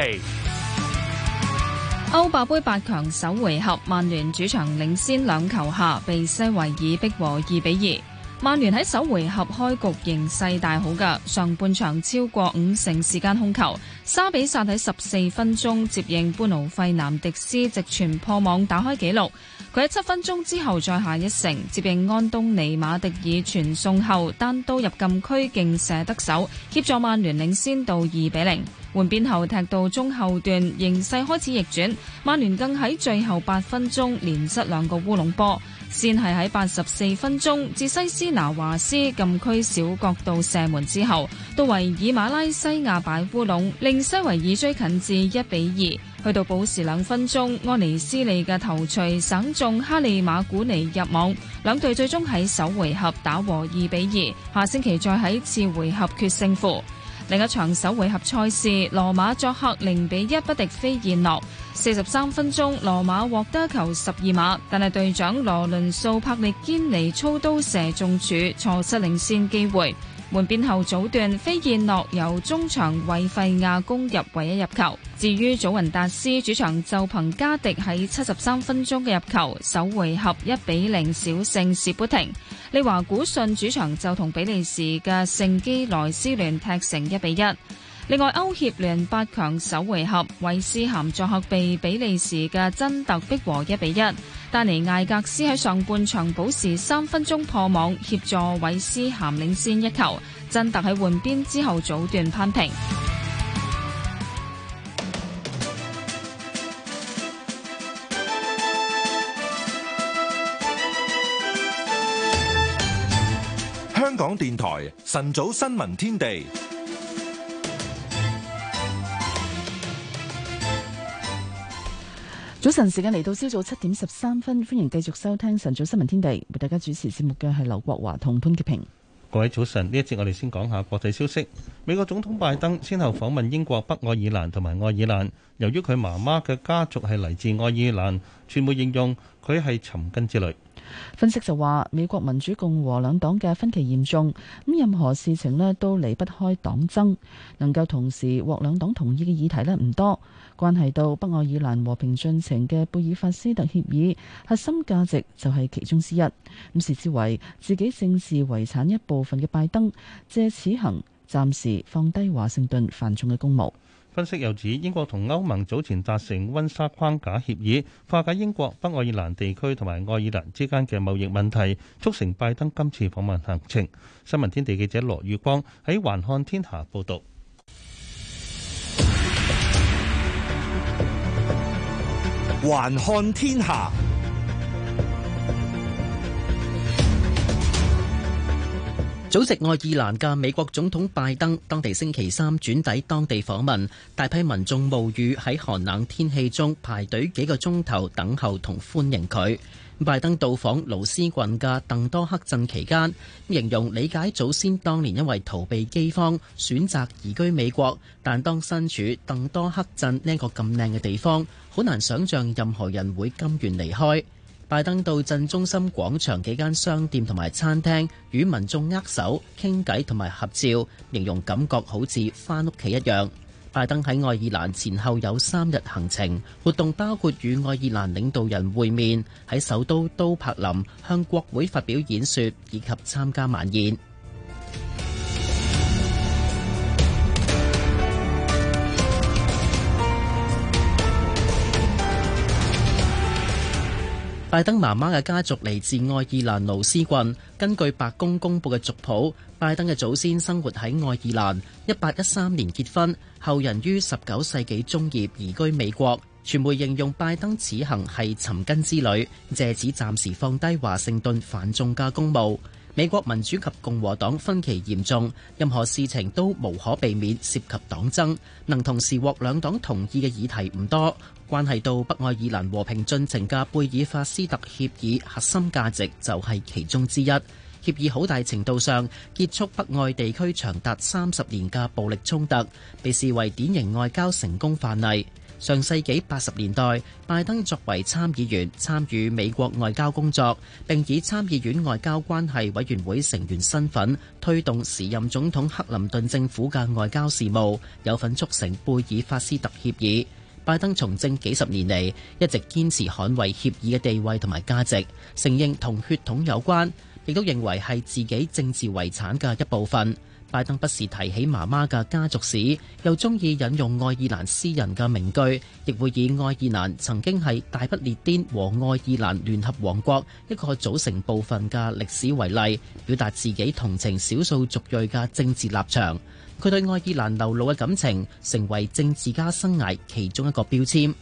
歐霸盃八強首回合，曼聯主場領先兩球下，被西維爾逼和二比二。曼聯喺首回合開局形勢大好，噶上半場超過五成時間控球。沙比薩喺十四分鐘接應般奴費南迪斯直傳破網，打開紀錄。佢喺七分鐘之後再下一城，接應安東尼馬迪爾傳送後單刀入禁區勁射得手，協助曼聯領先到二比零。換邊後踢到中後段，形勢開始逆轉。曼聯更喺最後八分鐘連失兩個烏龍波，先係喺八十四分鐘，至西斯拿華斯禁區小角度射門之後，到維爾馬拉西亞擺烏龍，令西維爾追近至一比二。去到補時兩分鐘，安尼斯利嘅頭槌省中哈利馬古尼入網，兩隊最終喺首回合打和二比二。下星期再喺次回合決勝負。另一場首回合賽事，羅馬作客零比一不敵飛燕諾。四十三分鐘，羅馬獲得球十二碼，但係隊長羅倫素柏力堅尼操刀射中柱，錯失領先機會。換邊後早段，飛燕諾由中場衛費亞攻入唯一入球。至於祖雲達斯主場就憑加迪喺七十三分鐘嘅入球，首回合一比零小勝士砵亭。利華古信主場就同比利時嘅聖基萊斯聯踢成一比一。另外，歐協聯八強首回合，韋斯咸作客被比利時嘅真特逼和一比一。丹尼艾格斯喺上半場補時三分鐘破網，協助韋斯咸領先一球。真特喺換邊之後早段扳平。香港電台晨早新聞天地。早晨時間嚟到，朝早七點十三分，歡迎繼續收聽晨早新聞天地。為大家主持節目嘅係劉國華同潘潔平。各位早晨，呢一節我哋先講下國際消息。美國總統拜登先後訪問英國北愛爾蘭同埋愛爾蘭，由於佢媽媽嘅家族係嚟自愛爾蘭，傳媒形容佢係尋根之旅。分析就話，美國民主共和兩黨嘅分歧嚴重，咁任何事情咧都離不開黨爭，能夠同時獲兩黨同意嘅議題咧唔多。關係到北愛爾蘭和平進程嘅貝爾法斯特協議核心價值就係其中之一。咁視之為自己政治遺產一部分嘅拜登，借此行暫時放低華盛頓繁重嘅公務。分析又指，英國同歐盟早前達成溫莎框架協議，化解英國北愛爾蘭地區同埋愛爾蘭之間嘅貿易問題，促成拜登今次訪問行程。新聞天地記者羅月光喺環看天下報導。環看天下，祖籍愛爾蘭嘅美國總統拜登，當地星期三轉抵當地訪問，大批民眾冒雨喺寒冷天氣中排隊幾個鐘頭等候同歡迎佢。拜登到訪勞斯郡嘅鄧多克鎮期間，形容理解祖先當年因為逃避饑荒選擇移居美國，但當身處鄧多克鎮呢個咁靚嘅地方，好難想像任何人會甘願離開。拜登到鎮中心廣場幾間商店同埋餐廳與民眾握手傾偈同埋合照，形容感覺好似返屋企一樣。拜登喺愛爾蘭前後有三日行程，活動包括與愛爾蘭領導人會面，喺首都都柏林向國會發表演說，以及參加晚宴。拜登媽媽嘅家族嚟自愛爾蘭勞斯郡。根據白宮公布嘅族譜，拜登嘅祖先生活喺愛爾蘭，一八一三年結婚，後人於十九世紀中葉移居美國。傳媒形容拜登此行係尋根之旅，借此暫時放低華盛頓繁重嘅公務。美國民主及共和黨分歧嚴重，任何事情都無可避免涉及黨爭，能同時獲兩黨同意嘅議題唔多。關係到北愛爾蘭和平進程嘅貝爾法斯特協議核心價值就係其中之一。協議好大程度上結束北愛地區長達三十年嘅暴力衝突，被視為典型外交成功範例。上世紀八十年代，拜登作為參議員參與美國外交工作，並以參議院外交關係委員會成員身份推動時任總統克林頓政府嘅外交事務，有份促成貝爾法斯特協議。拜登從政幾十年嚟一直堅持捍衛協議嘅地位同埋價值，承認同血統有關，亦都認為係自己政治遺產嘅一部分。拜登不時提起媽媽嘅家族史，又中意引用愛爾蘭詩人嘅名句，亦會以愛爾蘭曾經係大不列顛和愛爾蘭聯合王國一個組成部分嘅歷史為例，表達自己同情少數族裔嘅政治立場。佢對愛爾蘭流露嘅感情，成為政治家生涯其中一個標籤。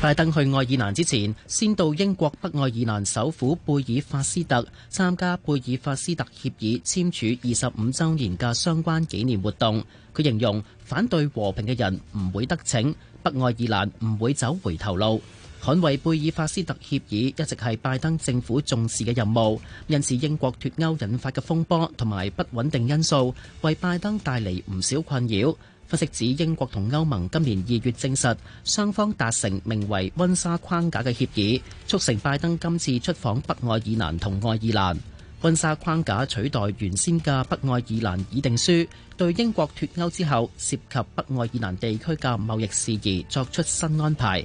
拜登去愛爾蘭之前，先到英國北愛爾蘭首府貝爾法斯特參加貝爾法斯特協議簽署二十五周年嘅相關紀念活動。佢形容反對和平嘅人唔會得逞，北愛爾蘭唔會走回頭路。捍衛貝爾法斯特協議一直係拜登政府重視嘅任務，因此英國脫歐引發嘅風波同埋不穩定因素，為拜登帶嚟唔少困擾。分析指英國同歐盟今年二月證實雙方達成名為溫莎框架嘅協議，促成拜登今次出訪北愛爾蘭同愛爾蘭。溫莎框架取代原先嘅北愛爾蘭議定書，對英國脫歐之後涉及北愛爾蘭地區嘅貿易事宜作出新安排。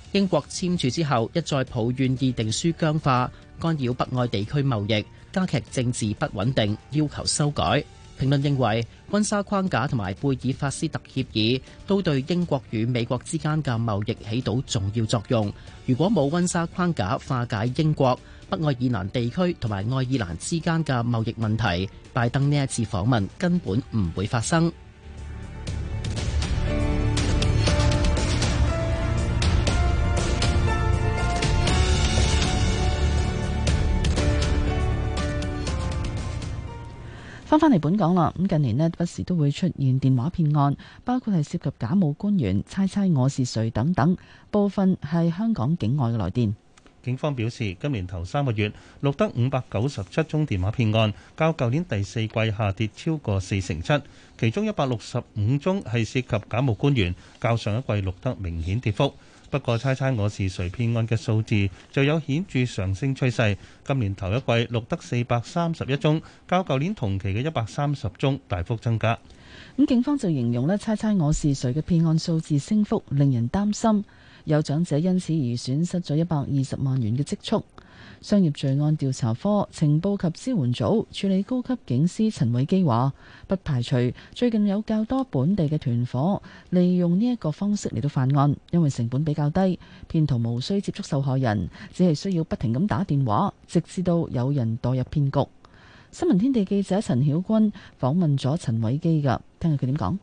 英國簽署之後，一再抱怨議定書僵化，干擾北愛地區貿易，加劇政治不穩定，要求修改。評論認為，溫莎框架同埋貝爾法斯特協議都對英國與美國之間嘅貿易起到重要作用。如果冇溫莎框架化解英國北愛爾蘭地區同埋愛爾蘭之間嘅貿易問題，拜登呢一次訪問根本唔會發生。返返嚟本港啦，咁近年呢，不時都會出現電話騙案，包括係涉及假冒官員、猜猜我是誰等等，部分係香港境外嘅來電。警方表示，今年頭三個月錄得五百九十七宗電話騙案，較舊年第四季下跌超過四成七，其中一百六十五宗係涉及假冒官員，較上一季錄得明顯跌幅。不過猜猜我是誰騙案嘅數字就有顯著上升趨勢，今年頭一季錄得四百三十一宗，較舊年同期嘅一百三十宗大幅增加。咁警方就形容呢，猜猜我是誰嘅騙案數字升幅令人擔心，有長者因此而損失咗一百二十萬元嘅積蓄。商業罪案調查科情報及支援組處理高級警司陳偉基話，不排除最近有較多本地嘅團伙利用呢一個方式嚟到犯案，因為成本比較低，騙徒無需接觸受害人，只係需要不停咁打電話，直至到有人墮入騙局。新聞天地記者陳曉君訪問咗陳偉基㗎，聽下佢點講。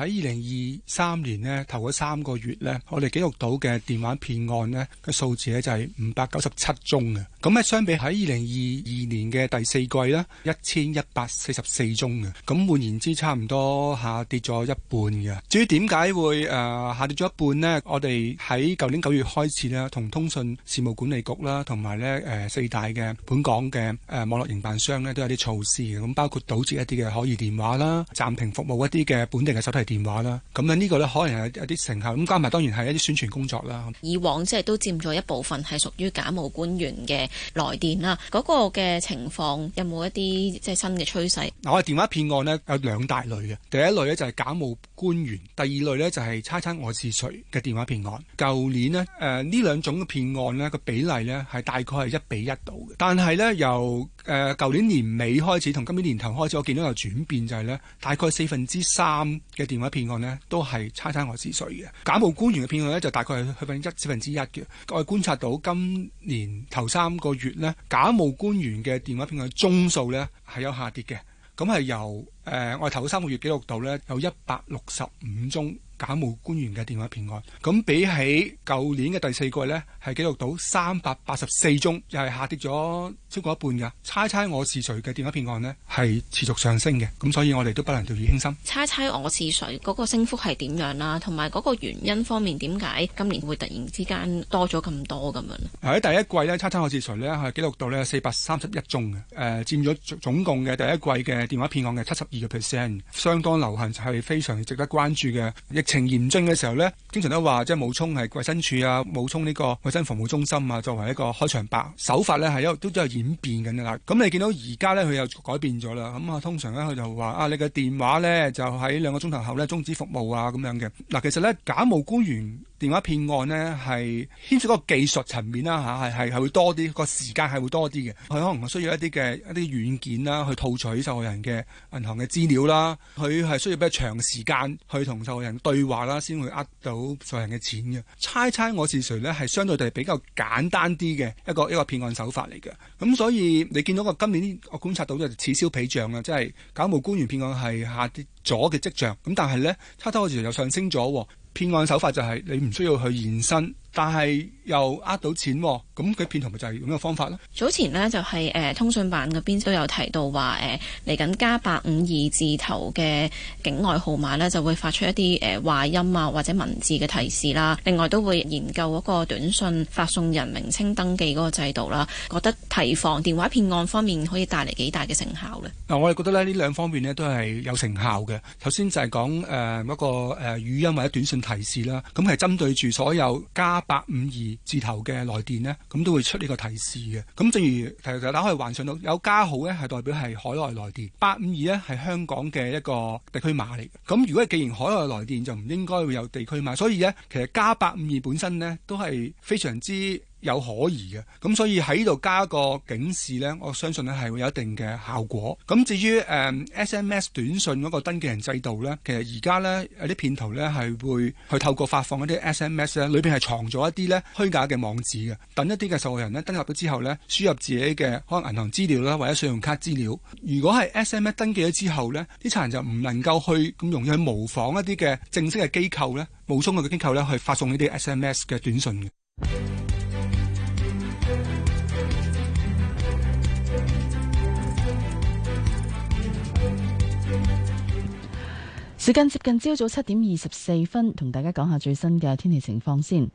喺二零二三年呢頭嗰三個月呢，我哋記錄到嘅電話騙案呢，嘅數字呢就係五百九十七宗嘅。咁呢相比喺二零二二年嘅第四季呢一千一百四十四宗嘅。咁換言之，差唔多下跌咗一半嘅。至於點解會誒、呃、下跌咗一半呢？我哋喺舊年九月開始呢，同通訊事務管理局啦，同埋呢誒、呃、四大嘅本港嘅誒、呃、網絡營辦商呢，都有啲措施嘅。咁包括堵截一啲嘅可疑電話啦，暫停服務一啲嘅本地嘅手提電話啦，咁樣呢個呢，可能係有啲成效，咁加埋當然係一啲宣傳工作啦。以往即係都佔咗一部分係屬於假冒官員嘅來電啦，嗰、那個嘅情況有冇一啲即係新嘅趨勢？嗱，我哋電話騙案呢，有兩大類嘅，第一類呢，就係假冒官員，第二類呢，就係猜猜我是誰嘅電話騙案。舊年呢，誒、呃、呢兩種嘅騙案呢，個比例呢，係大概係一比一度嘅，但係呢，由誒舊年年尾開始，同今年年頭開始，我見到有轉變，就係呢，大概四分之三嘅。電話騙案呢都係猜猜我是誰嘅，假冒官員嘅騙案呢就大概係去翻一分之一嘅。我哋觀察到今年頭三個月呢，假冒官員嘅電話騙案宗數呢係有下跌嘅，咁係由誒、呃、我哋頭三個月記錄到呢，有一百六十五宗。假冒官員嘅電話騙案，咁比起舊年嘅第四季呢，係記錄到三百八十四宗，又係下跌咗超過一半㗎。猜猜我是誰嘅電話騙案呢，係持續上升嘅，咁所以我哋都不能掉以輕心。猜猜我是誰嗰個升幅係點樣啦？同埋嗰個原因方面，點解今年會突然之間多咗咁多咁樣？喺第一季呢，猜猜我是誰呢，係記錄到呢四百三十一宗嘅，誒、呃、佔咗總共嘅第一季嘅電話騙案嘅七十二個 percent，相當流行，係非常值得關注嘅。疫情嚴峻嘅時候呢，經常都話即係冒充係衞生署啊，冒充呢個衞生服務中心啊，作為一個開場白手法呢，係有都有演變緊㗎。咁你見到而家呢，佢又改變咗啦。咁啊，通常呢，佢就話啊，你嘅電話呢就喺兩個鐘頭後呢，終止服務啊咁樣嘅。嗱，啊，其實呢，假冒官員。電話騙案呢係牽涉嗰個技術層面啦嚇，係係係會多啲，個時間係會多啲嘅。佢可能需要一啲嘅一啲軟件啦，去套取受害人嘅銀行嘅資料啦。佢係需要比較長嘅時間去同受害人對話啦，先會呃到受害人嘅錢嘅。猜猜我是誰呢？係相對地比較簡單啲嘅一個一個騙案手法嚟嘅。咁所以你見到個今年我觀察到就係此消彼長啊，就是，即係假冒官員騙案係下跌咗嘅跡象。咁但係呢，猜猜我是誰又上升咗喎。騙案手法就係你唔需要去現身。但係又呃到錢。哦，咁佢騙徒咪就係用呢個方法咧。早前呢，就係、是、誒、呃、通訊辦嗰邊都有提到話誒嚟緊加八五二字頭嘅境外號碼呢，就會發出一啲誒、呃、話音啊或者文字嘅提示啦。另外都會研究嗰個短信發送人名稱登記嗰個制度啦，覺得提防電話騙案方面可以帶嚟幾大嘅成效呢。嗱、呃，我哋覺得咧呢兩方面咧都係有成效嘅。頭先就係講誒嗰、呃、個誒、呃、語音或者短信提示啦，咁係針對住所有加八五二字頭嘅來電呢，咁都會出呢個提示嘅。咁正如其實大家可以幻想到，有加號呢係代表係海外來電。八五二呢係香港嘅一個地區碼嚟嘅。咁如果係既然海外來電就唔應該會有地區碼，所以呢，其實加八五二本身呢，都係非常之。.有可疑嘅，咁所以喺度加個警示呢，我相信咧係會有一定嘅效果。咁至於誒、呃、SMS 短信嗰個登記人制度呢，其實而家呢，有啲騙徒呢係會去透過發放一啲 SMS 呢，裏邊係藏咗一啲呢虛假嘅網址嘅，等一啲嘅受害人呢登入咗之後呢，輸入自己嘅可能銀行資料啦或者信用卡資料。如果係 SMS 登記咗之後呢，啲賊人就唔能夠去咁容易去模仿一啲嘅正式嘅機構呢，冒充佢嘅機構呢，去發送呢啲 SMS 嘅短信嘅。最近接近朝早七點二十四分，同大家講下最新嘅天氣情況先。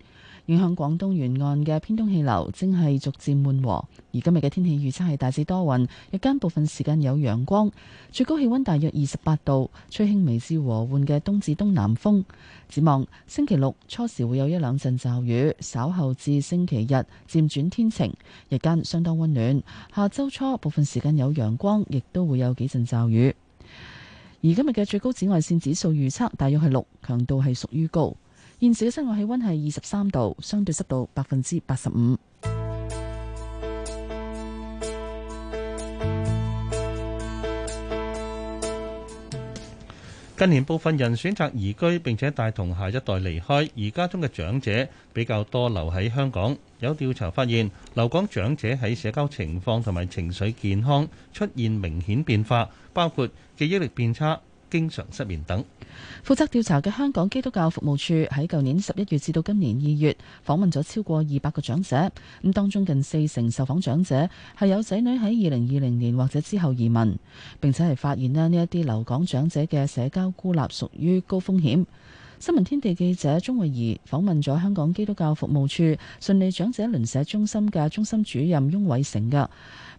影響廣東沿岸嘅偏東氣流正係逐漸緩和，而今日嘅天氣預測係大致多雲，日間部分時間有陽光，最高氣溫大約二十八度，吹輕微至和緩嘅東至東南風。展望星期六初時會有一兩陣驟雨，稍後至星期日漸轉天晴，日間相當溫暖。下周初部分時間有陽光，亦都會有幾陣驟雨。而今日嘅最高紫外線指數預測大約係六，強度係屬於高。現時嘅室外氣溫係二十三度，相對濕度百分之八十五。近年部分人選擇移居，並且帶同下一代離開，而家中嘅長者比較多留喺香港。有調查發現，留港長者喺社交情況同埋情緒健康出現明顯變化，包括記憶力變差。經常失眠等。負責調查嘅香港基督教服務處喺舊年十一月至到今年二月，訪問咗超過二百個長者，咁當中近四成受訪長者係有仔女喺二零二零年或者之後移民，並且係發現咧呢一啲留港長者嘅社交孤立屬於高風險。新聞天地記者鍾慧儀訪問咗香港基督教服務處順利長者鄰舍中心嘅中心主任翁偉成嘅。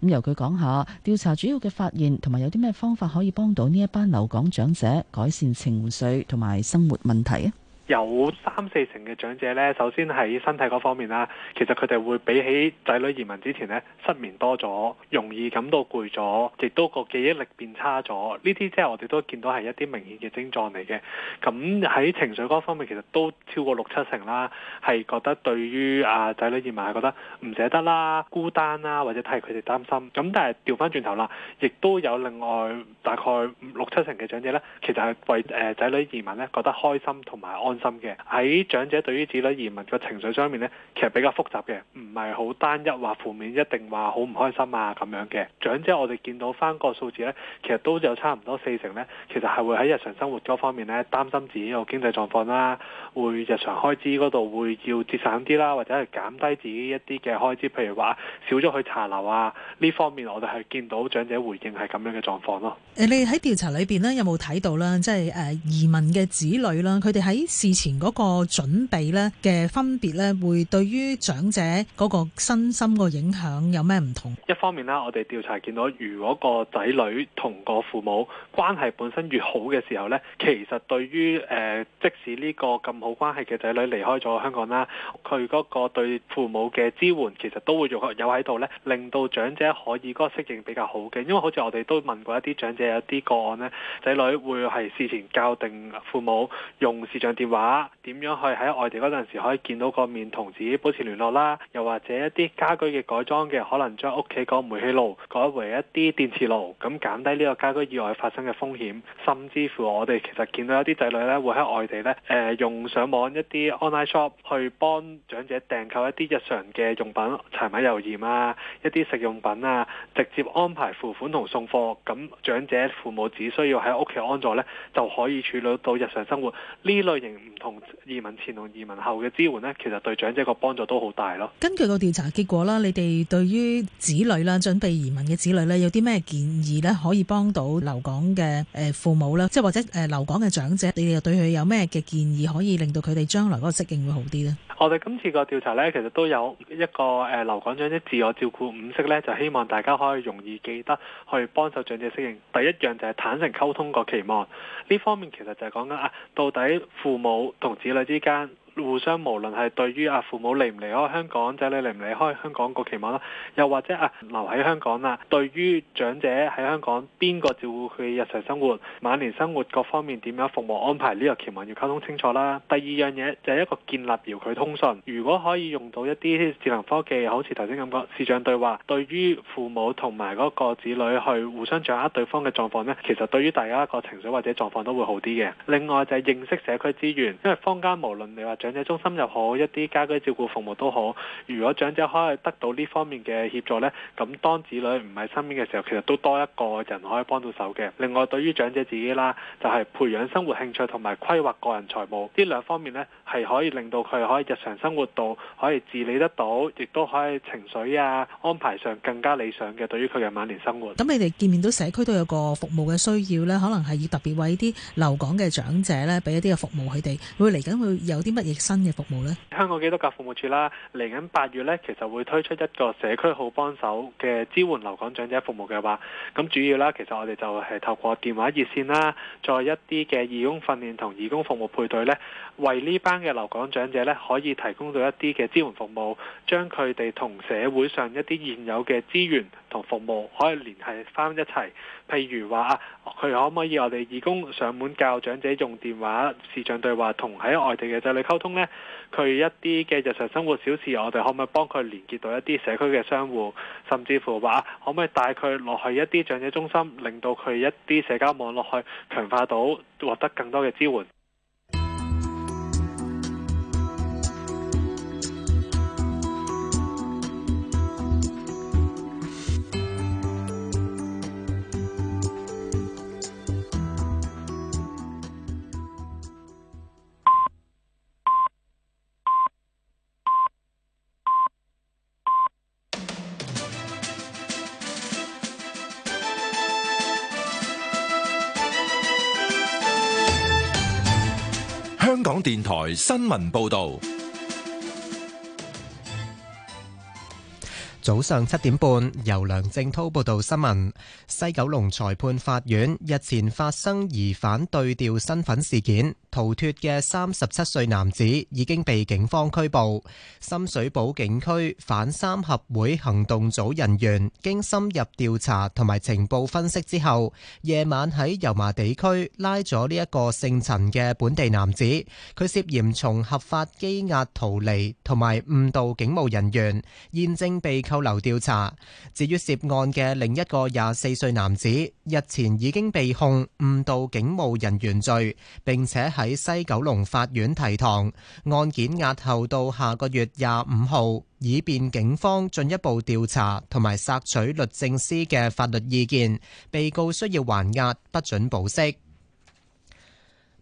咁由佢講下調查主要嘅發現，同埋有啲咩方法可以幫到呢一班留港長者改善情緒同埋生活問題啊？有三四成嘅長者呢，首先喺身體嗰方面啦，其實佢哋會比起仔女移民之前呢，失眠多咗，容易感到攰咗，亦都個記憶力變差咗。呢啲即係我哋都見到係一啲明顯嘅症狀嚟嘅。咁喺情緒嗰方面，其實都超過六七成啦，係覺得對於啊仔女移民係覺得唔捨得啦、孤單啦，或者替佢哋擔心。咁但係調翻轉頭啦，亦都有另外大概六七成嘅長者呢，其實係為誒仔女移民呢覺得開心同埋安心嘅。喺長者對於子女移民嘅情緒上面呢，其實比較複雜嘅，唔係好單一話負面，一定話好唔開心啊咁樣嘅。長者我哋見到翻個數字呢，其實都有差唔多四成呢，其實係會喺日常生活嗰方面呢，擔心自己個經濟狀況啦，會日常開支嗰度會要節省啲啦，或者係減低自己一啲嘅開支，譬如話少咗去茶樓啊呢方面，我哋係見到長者回應係咁樣嘅狀況咯。誒，你喺調查裏邊呢，有冇睇到啦？即係誒移民嘅子女啦，佢哋喺。事前嗰個準備咧嘅分別咧，會對於長者嗰個身心個影響有咩唔同？一方面咧，我哋調查見到，如果個仔女同個父母關係本身越好嘅時候咧，其實對於誒、呃、即使呢個咁好關係嘅仔女離開咗香港啦，佢嗰個對父母嘅支援其實都會仲有喺度咧，令到長者可以個適應比較好嘅。因為好似我哋都問過一啲長者有啲個案咧，仔女會係事前教定父母用視像電話，話點樣去喺外地嗰陣時可以見到個面，同自己保持聯絡啦；又或者一啲家居嘅改裝嘅，可能將屋企個煤氣爐改為一啲電磁爐，咁減低呢個家居意外發生嘅風險。甚至乎我哋其實見到一啲仔女咧，會喺外地咧，誒、呃、用上網一啲 online shop 去幫長者訂購一啲日常嘅用品，柴米油鹽啊，一啲食用品啊，直接安排付款同送貨，咁長者父母只需要喺屋企安坐咧，就可以處理到日常生活呢類型。唔同移民前同移民後嘅支援咧，其實對長者個幫助都好大咯。根據個調查結果啦，你哋對於子女啦，準備移民嘅子女咧，有啲咩建議咧，可以幫到留港嘅誒父母啦，即係或者誒留港嘅長者，你哋又對佢有咩嘅建議，可以令到佢哋將來個適應會好啲咧？我哋今次個調查呢，其實都有一個誒，劉、呃、港長的自我照顧五式呢，就希望大家可以容易記得去幫手長者適應。第一樣就係坦誠溝通個期望，呢方面其實就係講緊啊，到底父母同子女之間。互相無論係對於啊父母離唔離開香港，仔女離唔離開香港個期望啦，又或者啊留喺香港啦，對於長者喺香港邊個照顧佢日常生活、晚年生活各方面點樣服務安排呢個期望要溝通清楚啦。第二樣嘢就係一個建立遙距通訊，如果可以用到一啲智能科技，好似頭先咁講視像對話，對於父母同埋嗰個子女去互相掌握對方嘅狀況呢，其實對於大家個情緒或者狀況都會好啲嘅。另外就係認識社區資源，因為坊間無論你話。長者中心又好，一啲家居照顧服務都好。如果長者可以得到呢方面嘅協助咧，咁當子女唔喺身邊嘅時候，其實都多一個人可以幫到手嘅。另外，對於長者自己啦，就係、是、培養生活興趣同埋規劃個人財務呢兩方面咧，係可以令到佢可以日常生活度可以自理得到，亦都可以情緒啊安排上更加理想嘅對於佢嘅晚年生活。咁你哋見唔見到社區都有個服務嘅需要咧，可能係以特別為啲留港嘅長者咧，俾一啲嘅服務，佢哋，會嚟緊會有啲乜嘢？新嘅服務咧，香港基督教服務處啦，嚟緊八月咧，其實會推出一個社區好幫手嘅支援留港長者服務嘅話。咁主要啦，其實我哋就係透過電話熱線啦，做一啲嘅義工訓練同義工服務配對咧，為呢班嘅留港長者咧，可以提供到一啲嘅支援服務，將佢哋同社會上一啲現有嘅資源，同服務可以聯繫翻一齊，譬如話佢可唔可以我哋義工上門教長者用電話視像對話，同喺外地嘅仔女溝通呢？佢一啲嘅日常生活小事，我哋可唔可以幫佢連結到一啲社區嘅商戶，甚至乎話可唔可以帶佢落去一啲長者中心，令到佢一啲社交網絡去強化到獲得更多嘅支援？電台新聞報道：早上七點半，由梁正濤報道新聞。西九龍裁判法院日前發生疑犯對調身份事件。逃脫嘅三十七歲男子已經被警方拘捕。深水埗警區反三合會行動組人員經深入調查同埋情報分析之後，夜晚喺油麻地區拉咗呢一個姓陳嘅本地男子，佢涉嫌從合法羈押逃離同埋誤導警務人員，現正被扣留調查。至於涉案嘅另一個廿四歲男子，日前已經被控誤導警務人員罪，並且係。喺西九龍法院提堂，案件押後到下個月廿五號，以便警方進一步調查同埋索取律政司嘅法律意見。被告需要還押，不准保釋。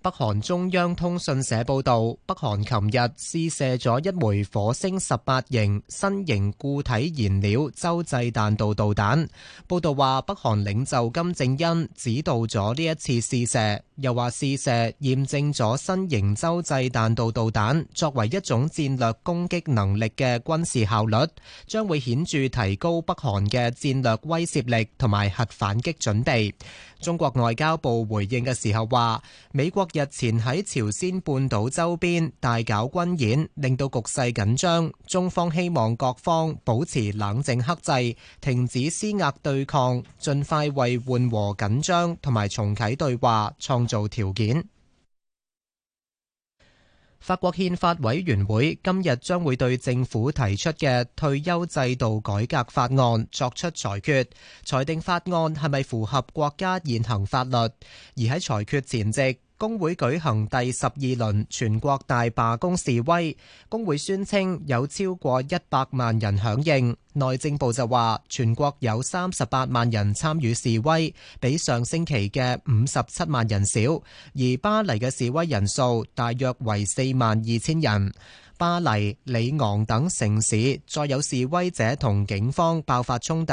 北韓中央通訊社報道，北韓琴日試射咗一枚火星十八型新型固體燃料洲際彈道導彈。報道話，北韓領袖金正恩指導咗呢一次試射，又話試射驗證咗新型洲際彈道導彈作為一種戰略攻擊能力嘅軍事效率，將會顯著提高北韓嘅戰略威懾力同埋核反擊準備。中國外交部回應嘅時候話，美國日前喺朝鮮半島周邊大搞軍演，令到局勢緊張。中方希望各方保持冷靜克制，停止施壓對抗，盡快為緩和緊張同埋重啓對話創造條件。法國憲法委員會今日將會對政府提出嘅退休制度改革法案作出裁決，裁定法案係咪符合國家現行法律，而喺裁決前夕，工會舉行第十二輪全國大罷工示威，工會宣稱有超過一百萬人響應。內政部就話，全國有三十八萬人參與示威，比上星期嘅五十七萬人少，而巴黎嘅示威人數大約為四萬二千人。巴黎、里昂等城市再有示威者同警方爆發衝突，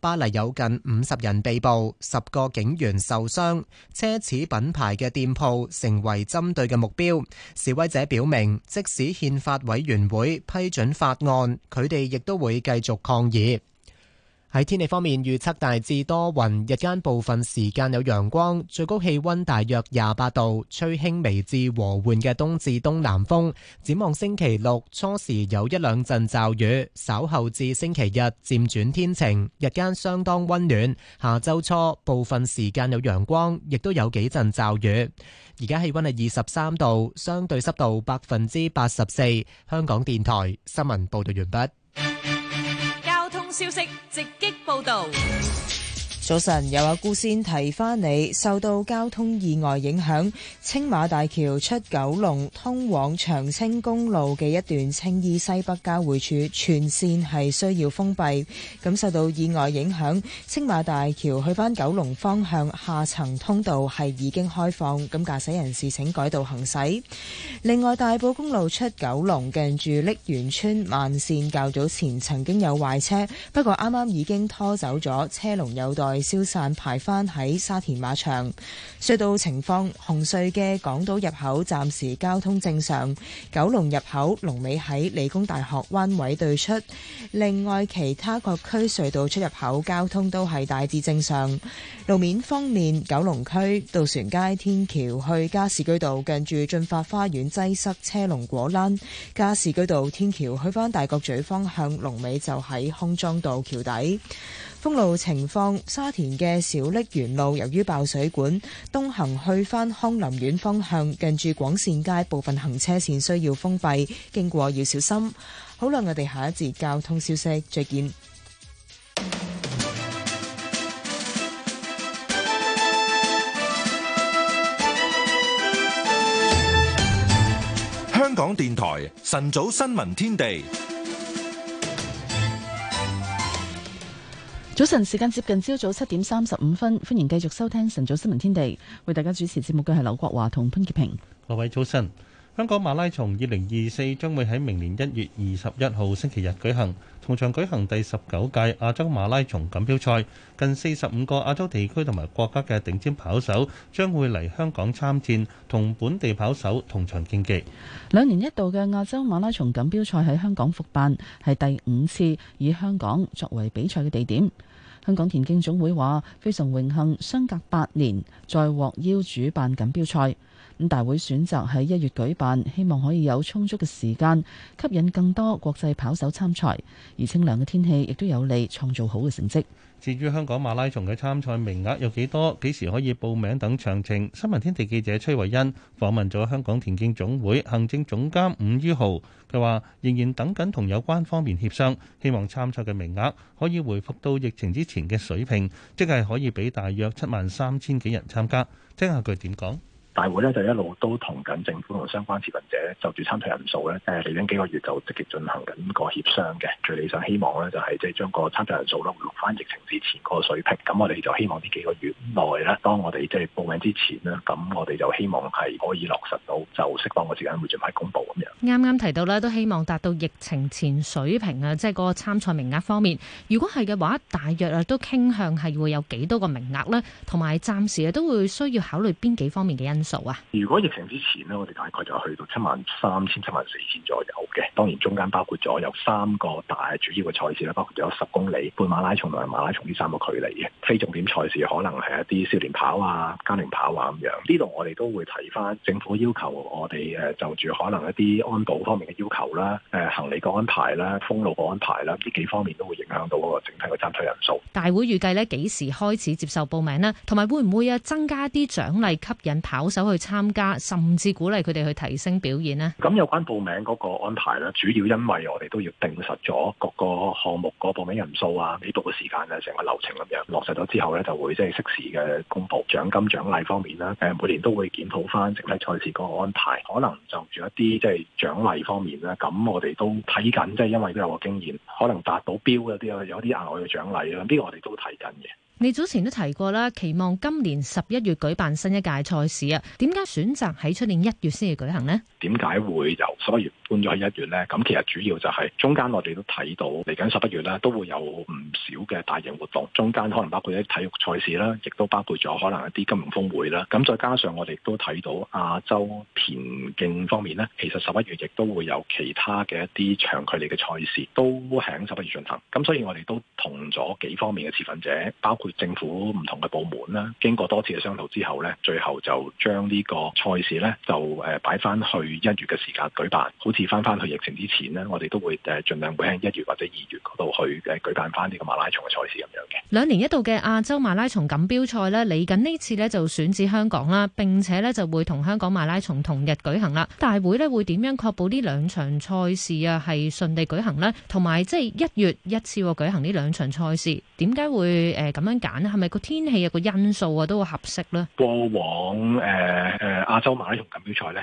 巴黎有近五十人被捕，十個警員受傷。奢侈品牌嘅店鋪成為針對嘅目標。示威者表明，即使憲法委員會批准法案，佢哋亦都會繼續抗議。喺天氣方面預測大致多雲，日間部分時間有陽光，最高氣溫大約廿八度，吹輕微至和緩嘅東至東南風。展望星期六初時有一兩陣驟雨，稍後至星期日漸轉天晴，日間相當溫暖。下周初部分時間有陽光，亦都有幾陣驟雨。而家氣溫係二十三度，相對濕度百分之八十四。香港電台新聞報道完畢。消息直擊報導。早晨，有阿姑先提翻你，受到交通意外影響，青馬大橋出九龍通往長青公路嘅一段青衣西北交匯處全線係需要封閉。咁受到意外影響，青馬大橋去翻九龍方向下層通道係已經開放，咁駕駛人士請改道行駛。另外，大埔公路出九龍近住瀝源村慢線較早前曾經有壞車，不過啱啱已經拖走咗，車龍有待消散排返喺沙田馬場隧道情況，紅隧嘅港島入口暫時交通正常，九龍入口龍尾喺理工大學灣位對出，另外其他各區隧道出入口交通都係大致正常。路面方面，九龍區渡船街天橋去加士居道近住駿發花園擠塞車龍果欄，加士居道天橋去返大角咀方向龍尾就喺康莊道橋底。封路情況，沙田嘅小瀝源路由於爆水管，東行去返康林苑方向，近住廣善街部分行車線需要封閉，經過要小心。好啦，我哋下一節交通消息，再見。香港電台晨早新聞天地。早晨，時間接近朝早七點三十五分，歡迎繼續收聽晨早新聞天地。為大家主持節目嘅係劉國華同潘潔平。各位早晨，香港馬拉松二零二四將會喺明年一月二十一號星期日舉行，同場舉行第十九屆亞洲馬拉松錦標賽。近四十五個亞洲地區同埋國家嘅頂尖跑手將會嚟香港參戰，同本地跑手同場競技。兩年一度嘅亞洲馬拉松錦標賽喺香港復辦，係第五次以香港作為比賽嘅地點。香港田徑總會話：非常榮幸，相隔八年再獲邀主辦錦標賽。咁大會選擇喺一月舉辦，希望可以有充足嘅時間吸引更多國際跑手參賽，而清涼嘅天氣亦都有利創造好嘅成績。至於香港馬拉松嘅參賽名額有幾多，幾時可以報名等詳情，新聞天地記者崔慧恩訪問咗香港田徑總會行政總監伍于豪，佢話仍然等緊同有關方面協商，希望參賽嘅名額可以回復到疫情之前嘅水平，即係可以俾大約七萬三千幾人參加。聽下佢點講。大會呢就一路都同緊政府同相關持份者就住參賽人數呢誒嚟緊幾個月就積極進行緊個協商嘅，最理想希望呢就係即係將個參賽人數呢回落翻疫情之前個水平，咁我哋就希望呢幾個月內呢當我哋即係報名之前呢，咁我哋就希望係可以落實到就適當嘅時間會盡快公佈咁樣。啱啱提到呢，都希望達到疫情前水平啊，即係個參賽名額方面，如果係嘅話，大約啊都傾向係會有幾多個名額呢？同埋暫時啊都會需要考慮邊幾方面嘅因素？啊！如果疫情之前咧，我哋大概就去到七萬三千、七萬四千左右嘅。當然中間包括咗有三個大主要嘅賽事啦，包括咗十公里、半馬拉松同埋馬拉松呢三個距離嘅非重點賽事，可能係一啲少年跑啊、家庭跑啊咁樣。呢度我哋都會提翻政府要求，我哋誒就住可能一啲安保方面嘅要求啦、誒行李嘅安排啦、封路嘅安排啦，呢幾方面都會影響到個整體嘅參賽人數。大會預計咧幾時開始接受報名咧？同埋會唔會啊增加啲獎勵吸引跑手去參加，甚至鼓勵佢哋去提升表演咧。咁有關報名嗰個安排咧，主要因為我哋都要定實咗各個項目、個報名人數啊、報名嘅時間啊，成個流程咁樣落實咗之後咧，就會即係適時嘅公佈獎金獎勵方面啦。誒，每年都會檢討翻整體賽事嗰個安排，可能就住一啲即係獎勵方面啦。咁我哋都睇緊，即係因為都有個經驗，可能達到標嗰啲有啲額外嘅獎勵啦。呢、這個我哋都睇緊嘅。你早前都提過啦，期望今年十一月舉辦新一屆賽事啊。點解選擇喺出年一月先至舉行咧？點解會由十一月？Sorry. 搬咗去一月咧，咁其實主要就係、是、中間，我哋都睇到嚟緊十一月咧都會有唔少嘅大型活動，中間可能包括啲體育賽事啦，亦都包括咗可能一啲金融峰會啦。咁再加上我哋都睇到亞洲田徑方面咧，其實十一月亦都會有其他嘅一啲長距離嘅賽事都喺十一月進行。咁所以我哋都同咗幾方面嘅持份者，包括政府唔同嘅部門啦，經過多次嘅商討之後咧，最後就將呢個賽事咧就誒擺翻去一月嘅時間舉辦，好似，翻翻去疫情之前咧，我哋都會誒盡量喺一月或者二月嗰度去誒舉辦翻呢個馬拉松嘅賽事咁樣嘅。兩年一度嘅亞洲馬拉松錦標賽呢，嚟緊呢次呢就選址香港啦，並且呢就會同香港馬拉松同日舉行啦。大會呢會點樣確保呢兩場賽事啊係順利舉行咧？同埋即係一月一次舉行呢兩場賽事，點解會誒咁樣揀咧？係咪個天氣有個因素啊都會合適呢？過往誒誒、呃、亞洲馬拉松錦標賽呢，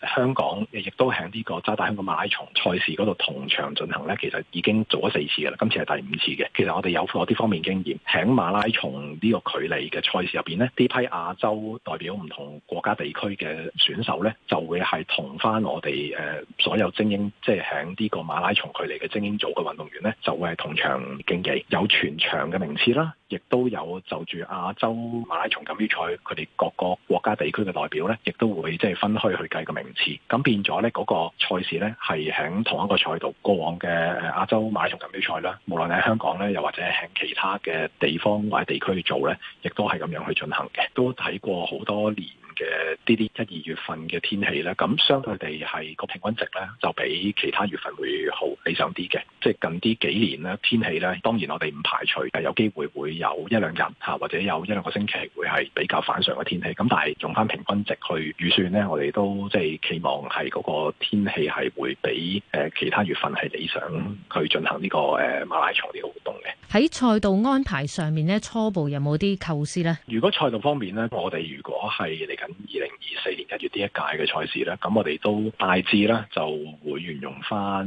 喺香港亦都喺呢、呢個。渣打香港馬拉松賽事嗰度同場進行咧，其實已經做咗四次嘅啦，今次係第五次嘅。其實我哋有我啲方面經驗，喺馬拉松呢個距離嘅賽事入邊咧，呢批亞洲代表唔同國家地區嘅選手咧，就會係同翻我哋誒、呃、所有精英，即係喺呢個馬拉松距離嘅精英組嘅運動員咧，就會係同場競技，有全場嘅名次啦，亦都有就住亞洲馬拉松錦標賽佢哋各個國家地區嘅代表咧，亦都會即係分開去計個名次。咁變咗咧嗰個賽。佢時咧係響同一個賽道，過往嘅誒亞洲馬拉松錦標賽啦，無論喺香港咧，又或者喺其他嘅地方或者地區去做咧，亦都係咁樣去進行嘅，都睇過好多年。誒呢啲一二月份嘅天氣咧，咁相對地係個平均值咧，就比其他月份會好理想啲嘅。即係近啲幾年咧，天氣咧，當然我哋唔排除係有機會會有一兩日嚇，或者有一兩個星期會係比較反常嘅天氣。咁但係用翻平均值去預算咧，我哋都即係期望係嗰個天氣係會比誒其他月份係理想去進行呢個誒馬拉松呢個活動嘅。喺賽道安排上面咧，初步有冇啲構思咧？如果賽道方面咧，我哋如果係嚟緊。二零二四年一月呢一屆嘅賽事咧，咁我哋都大致咧就會沿用翻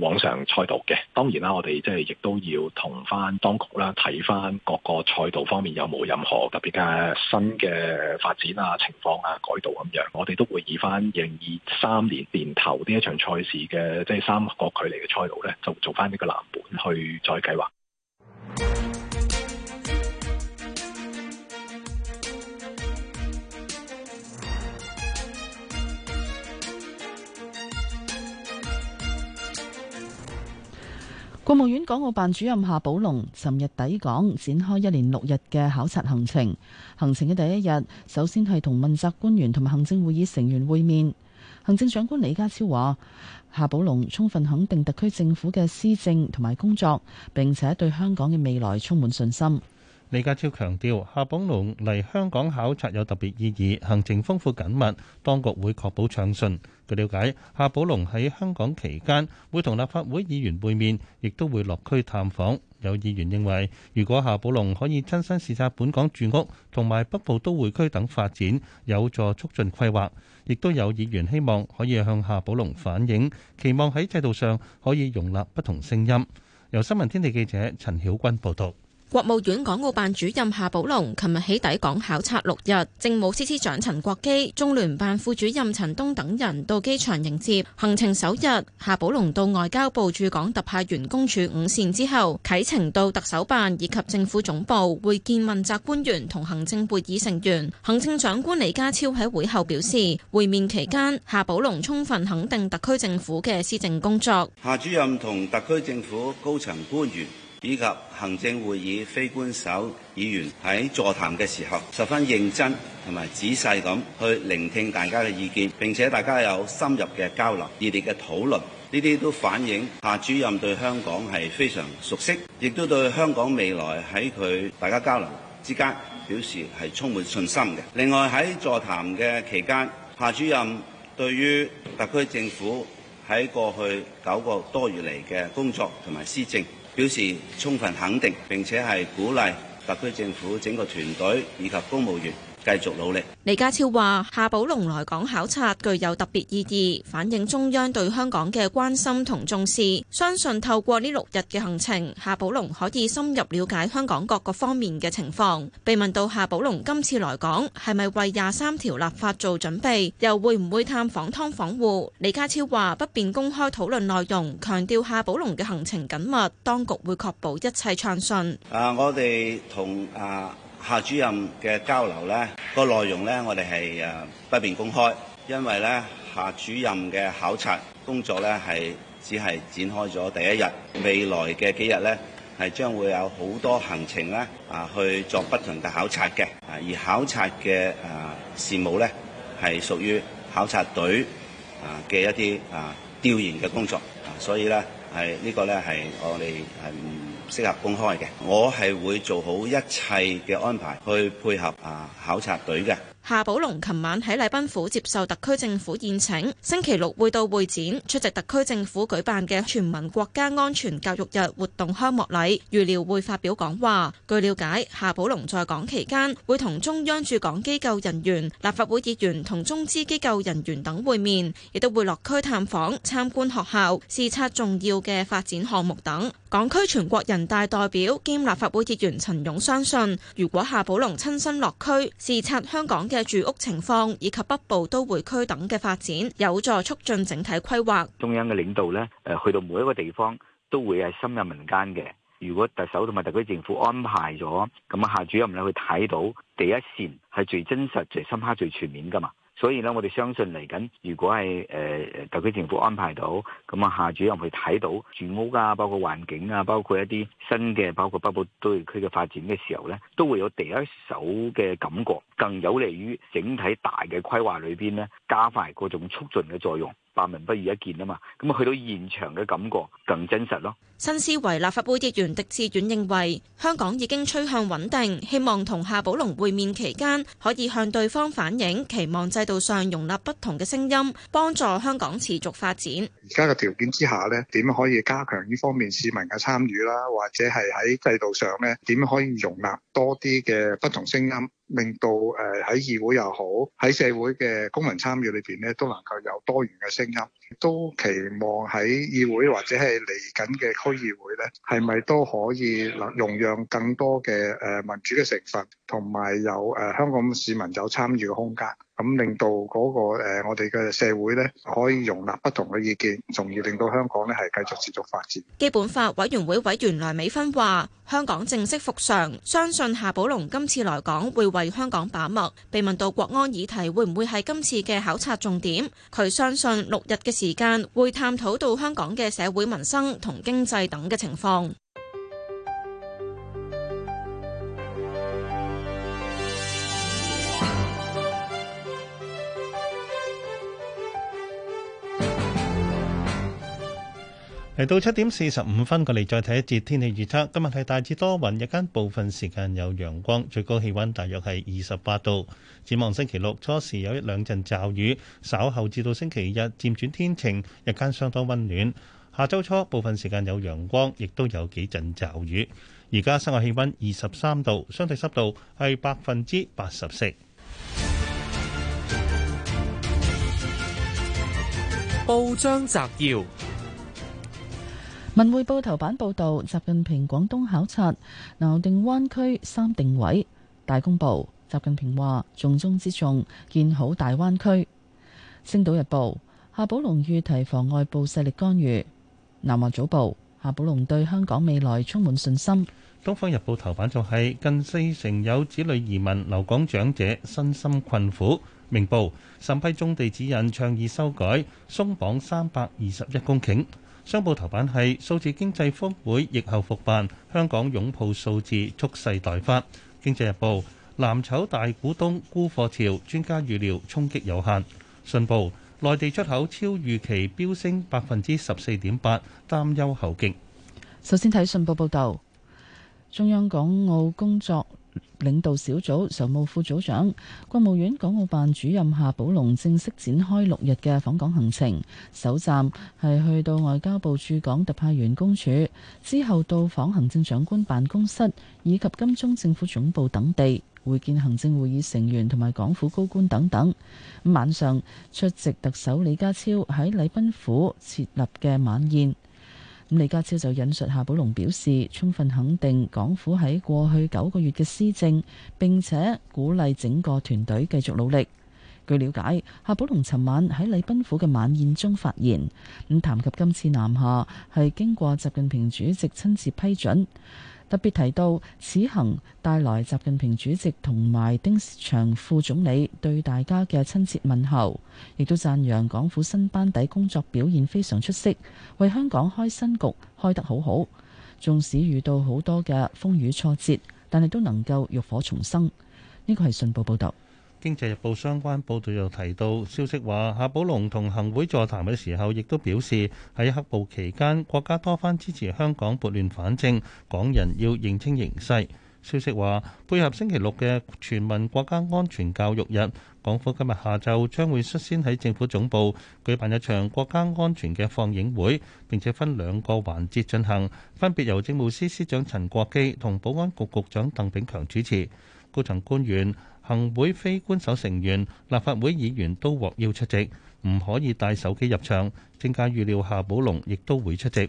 往常賽道嘅。當然啦，我哋即係亦都要同翻當局啦，睇翻各個賽道方面有冇任何特別嘅新嘅發展啊、情況啊、改道咁樣。我哋都會以翻二零二三年年頭呢一場賽事嘅即係三個距離嘅賽道咧，就做翻呢個藍本去再計劃。國務院港澳辦主任夏寶龍尋日抵港，展開一連六日嘅考察行程。行程嘅第一日，首先係同問責官員同埋行政會議成員會面。行政長官李家超話，夏寶龍充分肯定特區政府嘅施政同埋工作，並且對香港嘅未來充滿信心。李家超強調，夏寶龍嚟香港考察有特別意義，行程豐富緊密，當局會確保暢順。據了解，夏寶龍喺香港期間會同立法會議員會面，亦都會落區探訪。有議員認為，如果夏寶龍可以親身視察本港住屋同埋北部都會區等發展，有助促進規劃。亦都有議員希望可以向夏寶龍反映，期望喺制度上可以容納不同聲音。由新聞天地記者陳曉君報道。國務院港澳辦主任夏寶龍琴日起抵港考察六日，政務司司長陳國基、中聯辦副主任陳東等人到機場迎接。行程首日，夏寶龍到外交部駐港特派員公署午膳之後，啟程到特首辦以及政府總部會見問責官員同行政會議成員。行政長官李家超喺會後表示，會面期間，夏寶龍充分肯定特區政府嘅施政工作。夏主任同特區政府高層官員以及行政會議非官守議員喺座談嘅時候，十分認真同埋仔細咁去聆聽大家嘅意見，並且大家有深入嘅交流，熱烈嘅討論。呢啲都反映夏主任對香港係非常熟悉，亦都對香港未來喺佢大家交流之間表示係充滿信心嘅。另外，喺座談嘅期間，夏主任對於特區政府喺過去九個多月嚟嘅工作同埋施政，表示充分肯定，並且係鼓勵特區政府整個團隊以及公務員。繼續努力。李家超話：夏寶龍來港考察具有特別意義，反映中央對香港嘅關心同重視。相信透過呢六日嘅行程，夏寶龍可以深入了解香港各個方面嘅情況。被問到夏寶龍今次來港係咪為廿三條立法做準備，又會唔會探訪劏房戶？李家超話不便公開討論內容，強調夏寶龍嘅行程緊密，當局會確保一切暢順。啊，我哋同啊，夏主任嘅交流呢、個內容呢，我哋係誒不便公開，因為呢夏主任嘅考察工作呢，係只係展開咗第一日，未來嘅幾日呢，係將會有好多行程呢啊，去作不同嘅考察嘅啊，而考察嘅誒事務呢，係屬於考察隊啊嘅一啲啊調研嘅工作啊，所以呢，係呢個呢，係我哋係適合公開嘅，我係會做好一切嘅安排，去配合啊考察隊嘅。夏寶龍琴晚喺禮賓府接受特區政府宴請，星期六會到會展出席特區政府舉辦嘅全民國家安全教育日活動開幕禮，預料會發表講話。據了解，夏寶龍在港期間會同中央駐港機構人員、立法會議員同中資機構人員等會面，亦都會落區探訪、參觀學校、視察重要嘅發展項目等。港區全國人人大代表兼立法會議員陳勇相信，如果夏寶龍親身落區視察香港嘅住屋情況以及北部都會區等嘅發展，有助促進整體規劃。中央嘅領導咧，誒，去到每一個地方都會係深入民間嘅。如果特首同埋特區政府安排咗，咁啊，夏主任咧會睇到第一線係最真實、最深刻、最全面噶嘛。所以咧，我哋相信嚟緊，如果係誒誒特區政府安排到，咁啊夏主任去睇到住屋啊，包括環境啊，包括一啲新嘅，包括，包括北部都會區嘅發展嘅時候咧，都會有第一手嘅感覺，更有利於整體大嘅規劃裏邊咧，加快嗰種促進嘅作用。百聞不如一見啊嘛，咁啊去到現場嘅感覺更真實咯。新思維立法會議員狄志遠認為，香港已經趨向穩定，希望同夏寶龍會面期間可以向對方反映，期望制度上容納不同嘅聲音，幫助香港持續發展。而家嘅條件之下呢，點可以加強呢方面市民嘅參與啦？或者係喺制度上呢，點可以容納多啲嘅不同聲音？令到誒喺議會又好，喺社會嘅公民參與裏邊咧，都能夠有多元嘅聲音。都期望喺議會或者係嚟緊嘅區議會咧，係咪都可以能容讓更多嘅誒民主嘅成分，同埋有誒香港市民有參與嘅空間？咁令到嗰個誒，我哋嘅社會咧可以容納不同嘅意見，從而令到香港咧係繼續持續發展。基本法委員會委員梁美芬話：香港正式復常，相信夏寶龍今次來港會為香港把脈，被問到國安議題會唔會，係今次嘅考察重點，佢相信六日嘅時間會探討到香港嘅社會民生同經濟等嘅情況。嚟到七點四十五分，過嚟再睇一節天氣預測。今日係大致多雲，日間部分時間有陽光，最高氣溫大約係二十八度。展望星期六初時有一兩陣驟雨，稍後至到星期日漸轉天晴，日間相當溫暖。下周初部分時間有陽光，亦都有幾陣驟雨。而家室外氣溫二十三度，相對濕度係百分之八十四。報章摘要。文匯報頭版報道，習近平廣東考察，南定灣區三定位。大公報，習近平話：重中之重，建好大灣區。星島日報，夏寶龍欲提防外部勢力干預。南華早報，夏寶龍對香港未來充滿信心。東方日報頭版就係，近四成有子女移民留港長者身心困苦。明報，審批宗地指引倡議修改，鬆綁三百二十一公頃。商報頭版係數字經濟峰會疫後復辦，香港擁抱數字，蓄勢待發。經濟日報藍籌大股東沽貨潮，專家預料衝擊有限。信報內地出口超預期飆升百分之十四點八，擔憂後勁。首先睇信報報道，中央港澳工作領導小組常務副組長、國務院港澳辦主任夏寶龍正式展開六日嘅訪港行程，首站係去到外交部駐港特派員公署，之後到訪行政長官辦公室以及金鐘政府總部等地，會見行政會議成員同埋港府高官等等。晚上出席特首李家超喺禮賓府設立嘅晚宴。咁李家超就引述夏寶龍表示，充分肯定港府喺過去九個月嘅施政，並且鼓勵整個團隊繼續努力。據了解，夏寶龍尋晚喺禮賓府嘅晚宴中發言，咁談及今次南下，係經過習近平主席親自批准。特別提到此行帶來習近平主席同埋丁薛祥副總理對大家嘅親切問候，亦都讚揚港府新班底工作表現非常出色，為香港開新局開得好好。縱使遇到好多嘅風雨挫折，但係都能夠浴火重生。呢個係信報報導。經濟日報相關報導又提到消息話，夏寶龍同行會座談嘅時候，亦都表示喺黑暴期間，國家多番支持香港撥亂反正，港人要認清形勢。消息話，配合星期六嘅全民國家安全教育日，港府今日下晝將會率先喺政府總部舉辦一場國家安全嘅放映會，並且分兩個環節進行，分別由政務司司長陳國基同保安局局長鄧炳強主持，高層官員。行會非官守成員、立法會議員都獲邀出席，唔可以帶手機入場。政界預料夏寶龍亦都會出席。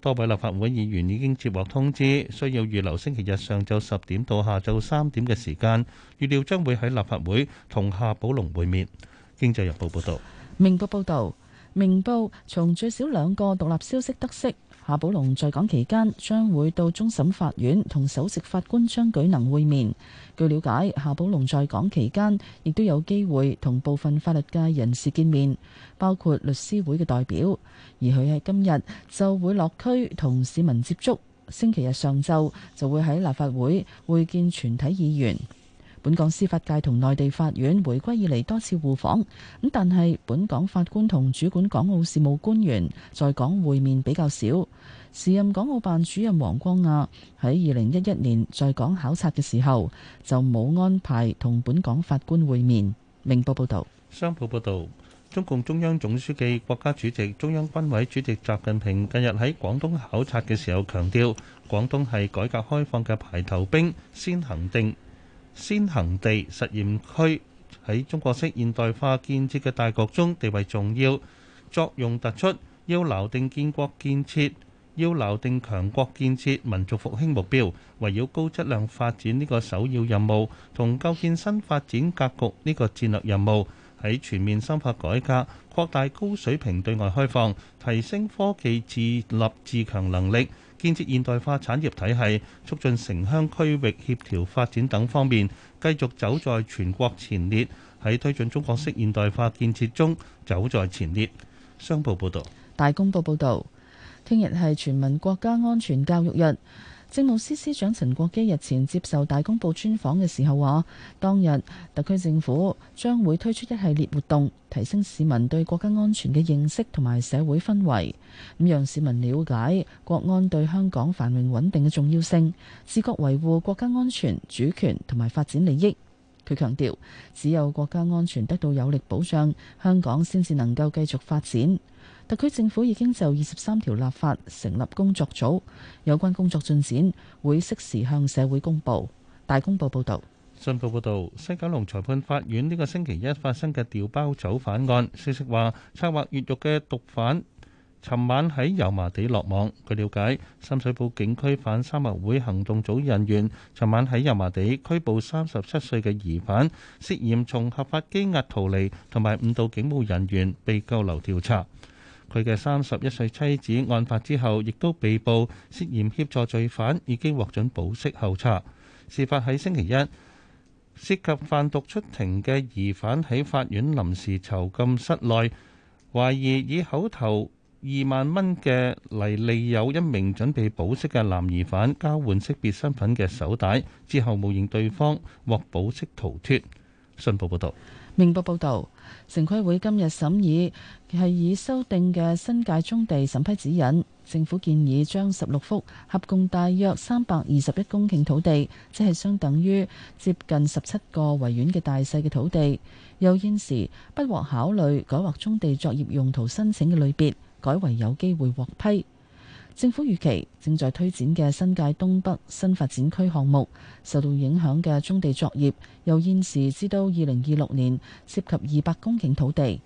多位立法會議員已經接獲通知，需要預留星期日上晝十點到下晝三點嘅時間，預料將會喺立法會同夏寶龍會面。經濟日報報道，明報報道。明報從最少兩個獨立消息得悉，夏寶龍在港期間將會到終審法院同首席法官張舉能會面。據了解，夏寶龍在港期間亦都有機會同部分法律界人士見面，包括律師會嘅代表。而佢喺今日就會落區同市民接觸，星期日上晝就會喺立法會會見全體議員。本港司法界同內地法院回歸以嚟多次互訪，咁但係本港法官同主管港澳事務官員在港會面比較少。時任港澳辦主任王光亞喺二零一一年在港考察嘅時候就冇安排同本港法官會面。明報報道，商報報導，中共中央總書記、國家主席、中央軍委主席習近平近日喺廣東考察嘅時候強調，廣東係改革開放嘅排頭兵，先行定先行地實驗區喺中國式現代化建設嘅大局中地位重要，作用突出。要錨定建國建設，要錨定強國建設民族復興目標，圍繞高質量發展呢個首要任務，同構建新發展格局呢個戰略任務，喺全面深化改革、擴大高水平對外開放、提升科技自立自強能力、建設現代化產業體系、促進城鄉區域協調發展等方面，繼續走在全國前列，喺推進中國式現代化建設中走在前列。商報報道。大公報報道，聽日係全民國家安全教育日。政務司司長陳國基日前接受大公報專訪嘅時候話，當日特區政府將會推出一系列活動，提升市民對國家安全嘅認識同埋社會氛圍，咁讓市民了解國安對香港繁榮穩定嘅重要性，自覺維護國家安全主權同埋發展利益。佢強調，只有國家安全得到有力保障，香港先至能夠繼續發展。特區政府已經就二十三條立法成立工作組，有關工作進展會適時向社會公佈。大公報報導。信報報導，西九龍裁判法院呢個星期一發生嘅掉包走犯案，消息話策劃越獄嘅毒犯尋晚喺油麻地落網。據瞭解，深水埗警區反三合會行動組人員尋晚喺油麻地拘捕三十七歲嘅疑犯，涉嫌從合法羈押逃離同埋誤導警務人員，被拘留調查。佢嘅三十一歲妻子案發之後，亦都被捕，涉嫌協助罪犯，已經獲准保釋候查。事發喺星期一，涉及販毒出庭嘅疑犯喺法院臨時囚禁室內，懷疑以口頭二萬蚊嘅嚟利誘一名準備保釋嘅男疑犯交換識別身份嘅手帶，之後冒認對方獲保釋逃脫。信報報道。明報報導，城規會今日審議係以修訂嘅新界棕地審批指引，政府建議將十六幅合共大約三百二十一公頃土地，即係相等於接近十七個維園嘅大細嘅土地，又現時不獲考慮改劃棕地作業用途申請嘅類別，改為有機會獲批。政府預期正在推展嘅新界東北新發展區項目受到影響嘅棕地作業，由現時至到二零二六年，涉及二百公頃土地，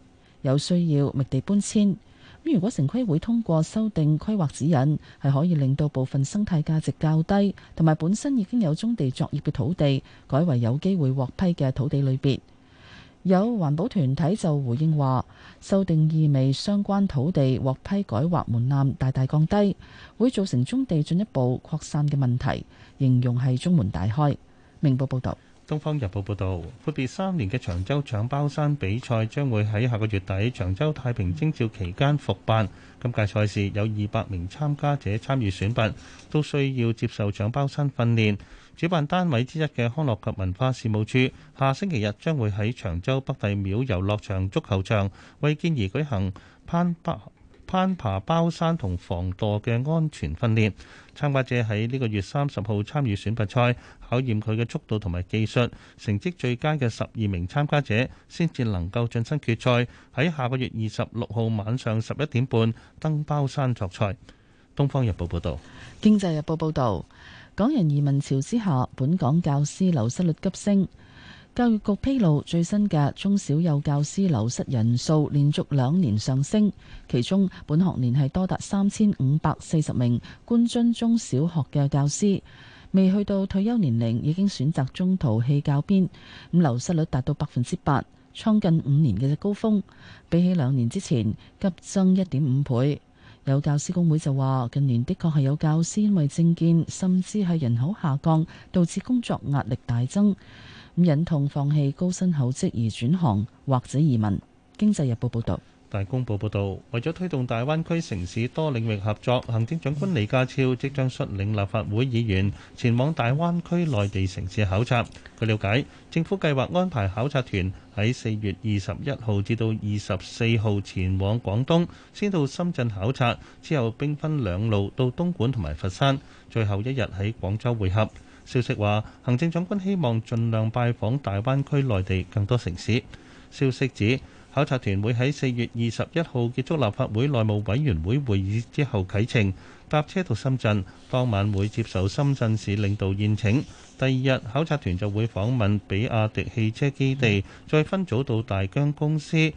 有需要覓地搬遷。如果城規會通過修訂規劃指引，係可以令到部分生態價值較低同埋本身已經有棕地作業嘅土地，改為有機會獲批嘅土地類別。有環保團體就回應話，修訂意味相關土地獲批改劃門檻大大降低，會造成中地進一步擴散嘅問題，形容係中門大開。明報報道。東方日報報道，闊別三年嘅長洲搶包山比賽將會喺下個月底長洲太平清醮期間復辦。今屆賽事有二百名參加者參與選拔，都需要接受搶包山訓練。主辦單位之一嘅康樂及文化事務署，下星期日將會喺長洲北帝廟遊樂場足球場為健兒舉行攀爬攀爬包山同防墮嘅安全訓練。參加者喺呢個月三十號參與選拔賽，考驗佢嘅速度同埋技術。成績最佳嘅十二名參加者先至能夠晉身決賽。喺下個月二十六號晚上十一點半登包山作賽。東方日報報道，經濟日報報道。港人移民潮之下，本港教師流失率急升。教育局披露最新嘅中小幼教師流失人數，連續兩年上升，其中本學年係多達三千五百四十名官津中小學嘅教師未去到退休年齡，已經選擇中途棄教鞭，咁流失率達到百分之八，創近五年嘅高峰，比起兩年之前急增一點五倍。有教師工會就話近年的確係有教師因為政見甚至係人口下降，導致工作壓力大增，咁忍痛放棄高薪厚職而轉行，或者移民。經濟日報報道。大公報報導，為咗推動大灣區城市多領域合作，行政長官李家超即將率領立法會議員前往大灣區內地城市考察。據了解，政府計劃安排考察團喺四月二十一號至到二十四號前往廣東，先到深圳考察，之後兵分兩路到東莞同埋佛山，最後一日喺廣州會合。消息話，行政長官希望盡量拜訪大灣區內地更多城市。消息指。考察團會喺四月二十一號結束立法會內務委員會會議之後啟程，搭車到深圳，當晚會接受深圳市領導宴請。第二日，考察團就會訪問比亞迪汽車基地，再分組到大疆公司。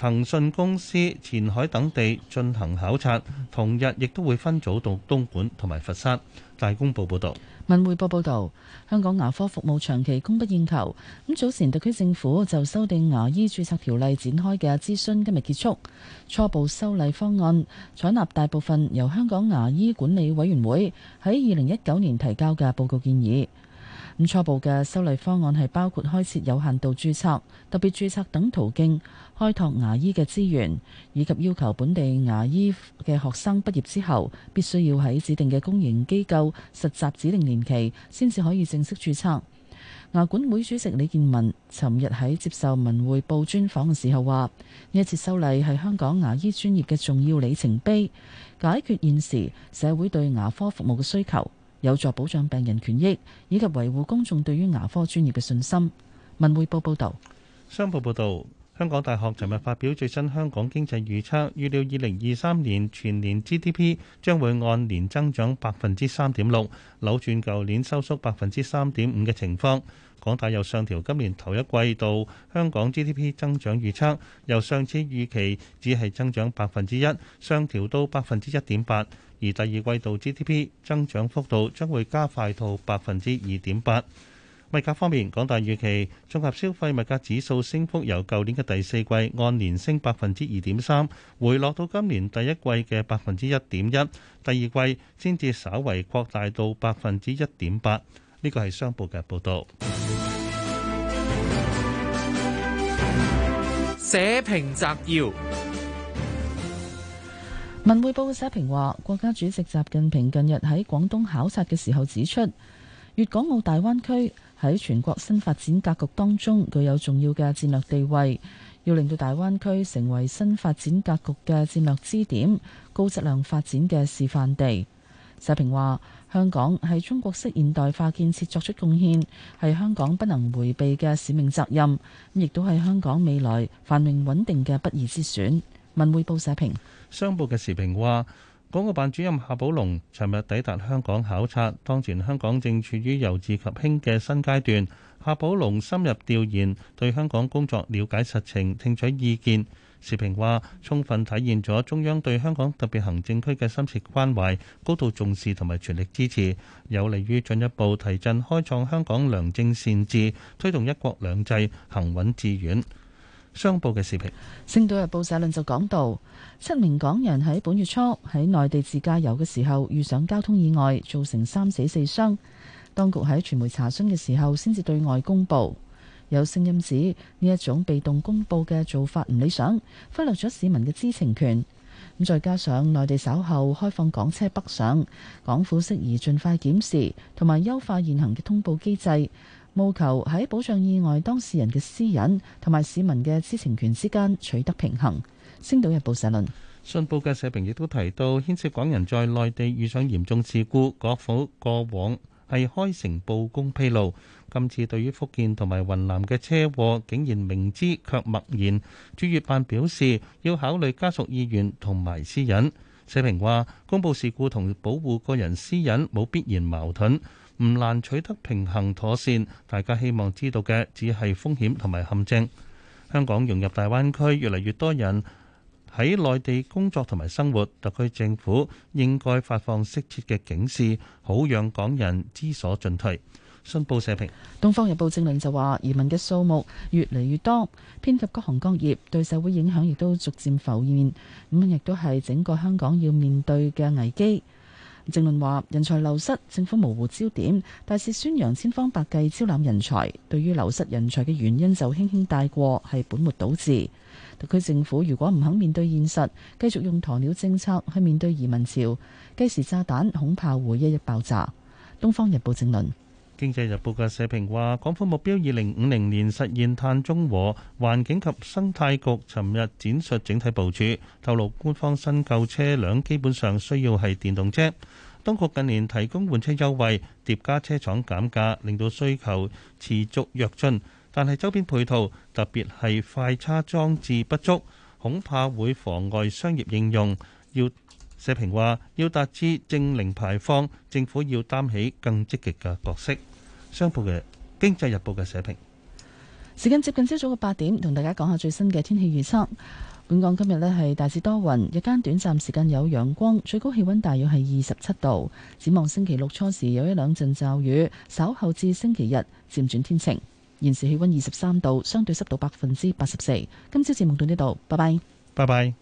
騰訊公司、前海等地進行考察，同日亦都會分組到東莞同埋佛山。大公報報道。文匯報報道，香港牙科服務長期供不應求。咁早前，特區政府就修訂牙醫注冊條例展開嘅諮詢今日結束，初步修例方案採納大部分由香港牙醫管理委員會喺二零一九年提交嘅報告建議，咁初步嘅修例方案係包括開設有限度注冊、特別注冊等途徑。開拓牙醫嘅資源，以及要求本地牙醫嘅學生畢業之後，必須要喺指定嘅公營機構實習指定年期，先至可以正式註冊。牙管會主席李建文尋日喺接受文匯報專訪嘅時候話：呢一次修例係香港牙醫專業嘅重要里程碑，解決現時社會對牙科服務嘅需求，有助保障病人權益，以及維護公眾對於牙科專業嘅信心。文匯報報道。商報報導。香港大學尋日發表最新香港經濟預測，預料二零二三年全年 GDP 將會按年增長百分之三點六，扭轉舊年收縮百分之三點五嘅情況。港大又上調今年頭一季度香港 GDP 增長預測，由上次預期只係增長百分之一，上調到百分之一點八，而第二季度 GDP 增長幅度將會加快到百分之二點八。物價方面，港大預期綜合消費物價指數升幅由舊年嘅第四季按年升百分之二點三，回落到今年第一季嘅百分之一點一，第二季先至稍為擴大到百分之一點八。呢個係商報嘅報導。社評摘要：文匯報社評話，國家主席習近平近日喺廣東考察嘅時候指出，粵港澳大灣區，喺全國新發展格局當中具有重要嘅戰略地位，要令到大灣區成為新發展格局嘅戰略支點、高質量發展嘅示範地。社評話：香港係中國式現代化建設作出貢獻，係香港不能迴避嘅使命責任，亦都係香港未來繁榮穩定嘅不二之選。文匯報社評，商報嘅時評話。港澳辦主任夏寶龍尋日抵達香港考察，當前香港正處於由治及興嘅新階段。夏寶龍深入調研，對香港工作了解實情，聽取意見。時評話充分體現咗中央對香港特別行政區嘅深切關懷、高度重視同埋全力支持，有利於進一步提振開創香港良政善治，推動一國兩制行穩致遠。商報嘅視頻，《星島日報》社論就講到，七名港人喺本月初喺內地自駕遊嘅時候遇上交通意外，造成三死四傷。當局喺傳媒查詢嘅時候，先至對外公布。有聲音指呢一種被動公布嘅做法唔理想，忽略咗市民嘅知情權。咁再加上內地稍後開放港車北上，港府適宜盡快檢視同埋優化現行嘅通報機制。務求喺保障意外當事人嘅私隱同埋市民嘅知情權之間取得平衡。星島日報社論，信報嘅社評亦都提到，牽涉港人在內地遇上嚴重事故，果否過往係開誠佈公披露？今次對於福建同埋雲南嘅車禍，竟然明知卻默然。駐粵辦表示要考慮家屬意願同埋私隱。社評話，公佈事故同保護個人私隱冇必然矛盾。唔難取得平衡妥善，大家希望知道嘅只係風險同埋陷阱。香港融入大灣區，越嚟越多人喺內地工作同埋生活，特區政府應該發放適切嘅警示，好讓港人知所進退。信報社評，《東方日報》政論就話，移民嘅數目越嚟越多，遍及各行各業，對社會影響亦都逐漸浮現，咁亦都係整個香港要面對嘅危機。政論話，人才流失，政府模糊焦點，大肆宣揚千方百計招攬人才，對於流失人才嘅原因就輕輕帶過，係本末倒置。特區政府如果唔肯面對現實，繼續用鴕鳥政策去面對移民潮，計時炸彈恐怕會一日爆炸。東方日報政論。經濟日報嘅社評話，港府目標二零五零年實現碳中和，環境及生態局尋日展述整體部署，透露官方新購車輛基本上需要係電動車。當局近年提供換車優惠，疊加車廠減價，令到需求持續躍進。但係周邊配套特別係快叉裝置不足，恐怕會妨礙商業應用。要社評話，要達至正零排放，政府要擔起更積極嘅角色。商報嘅《經濟日報》嘅社評，時間接近朝早嘅八點，同大家講下最新嘅天氣預測。本港今日呢係大致多雲，日間短暫時間有陽光，最高氣温大約係二十七度。展望星期六初時有一兩陣驟雨，稍後至星期日漸轉天晴。現時氣温二十三度，相對濕度百分之八十四。今朝節目到呢度，拜拜。拜拜。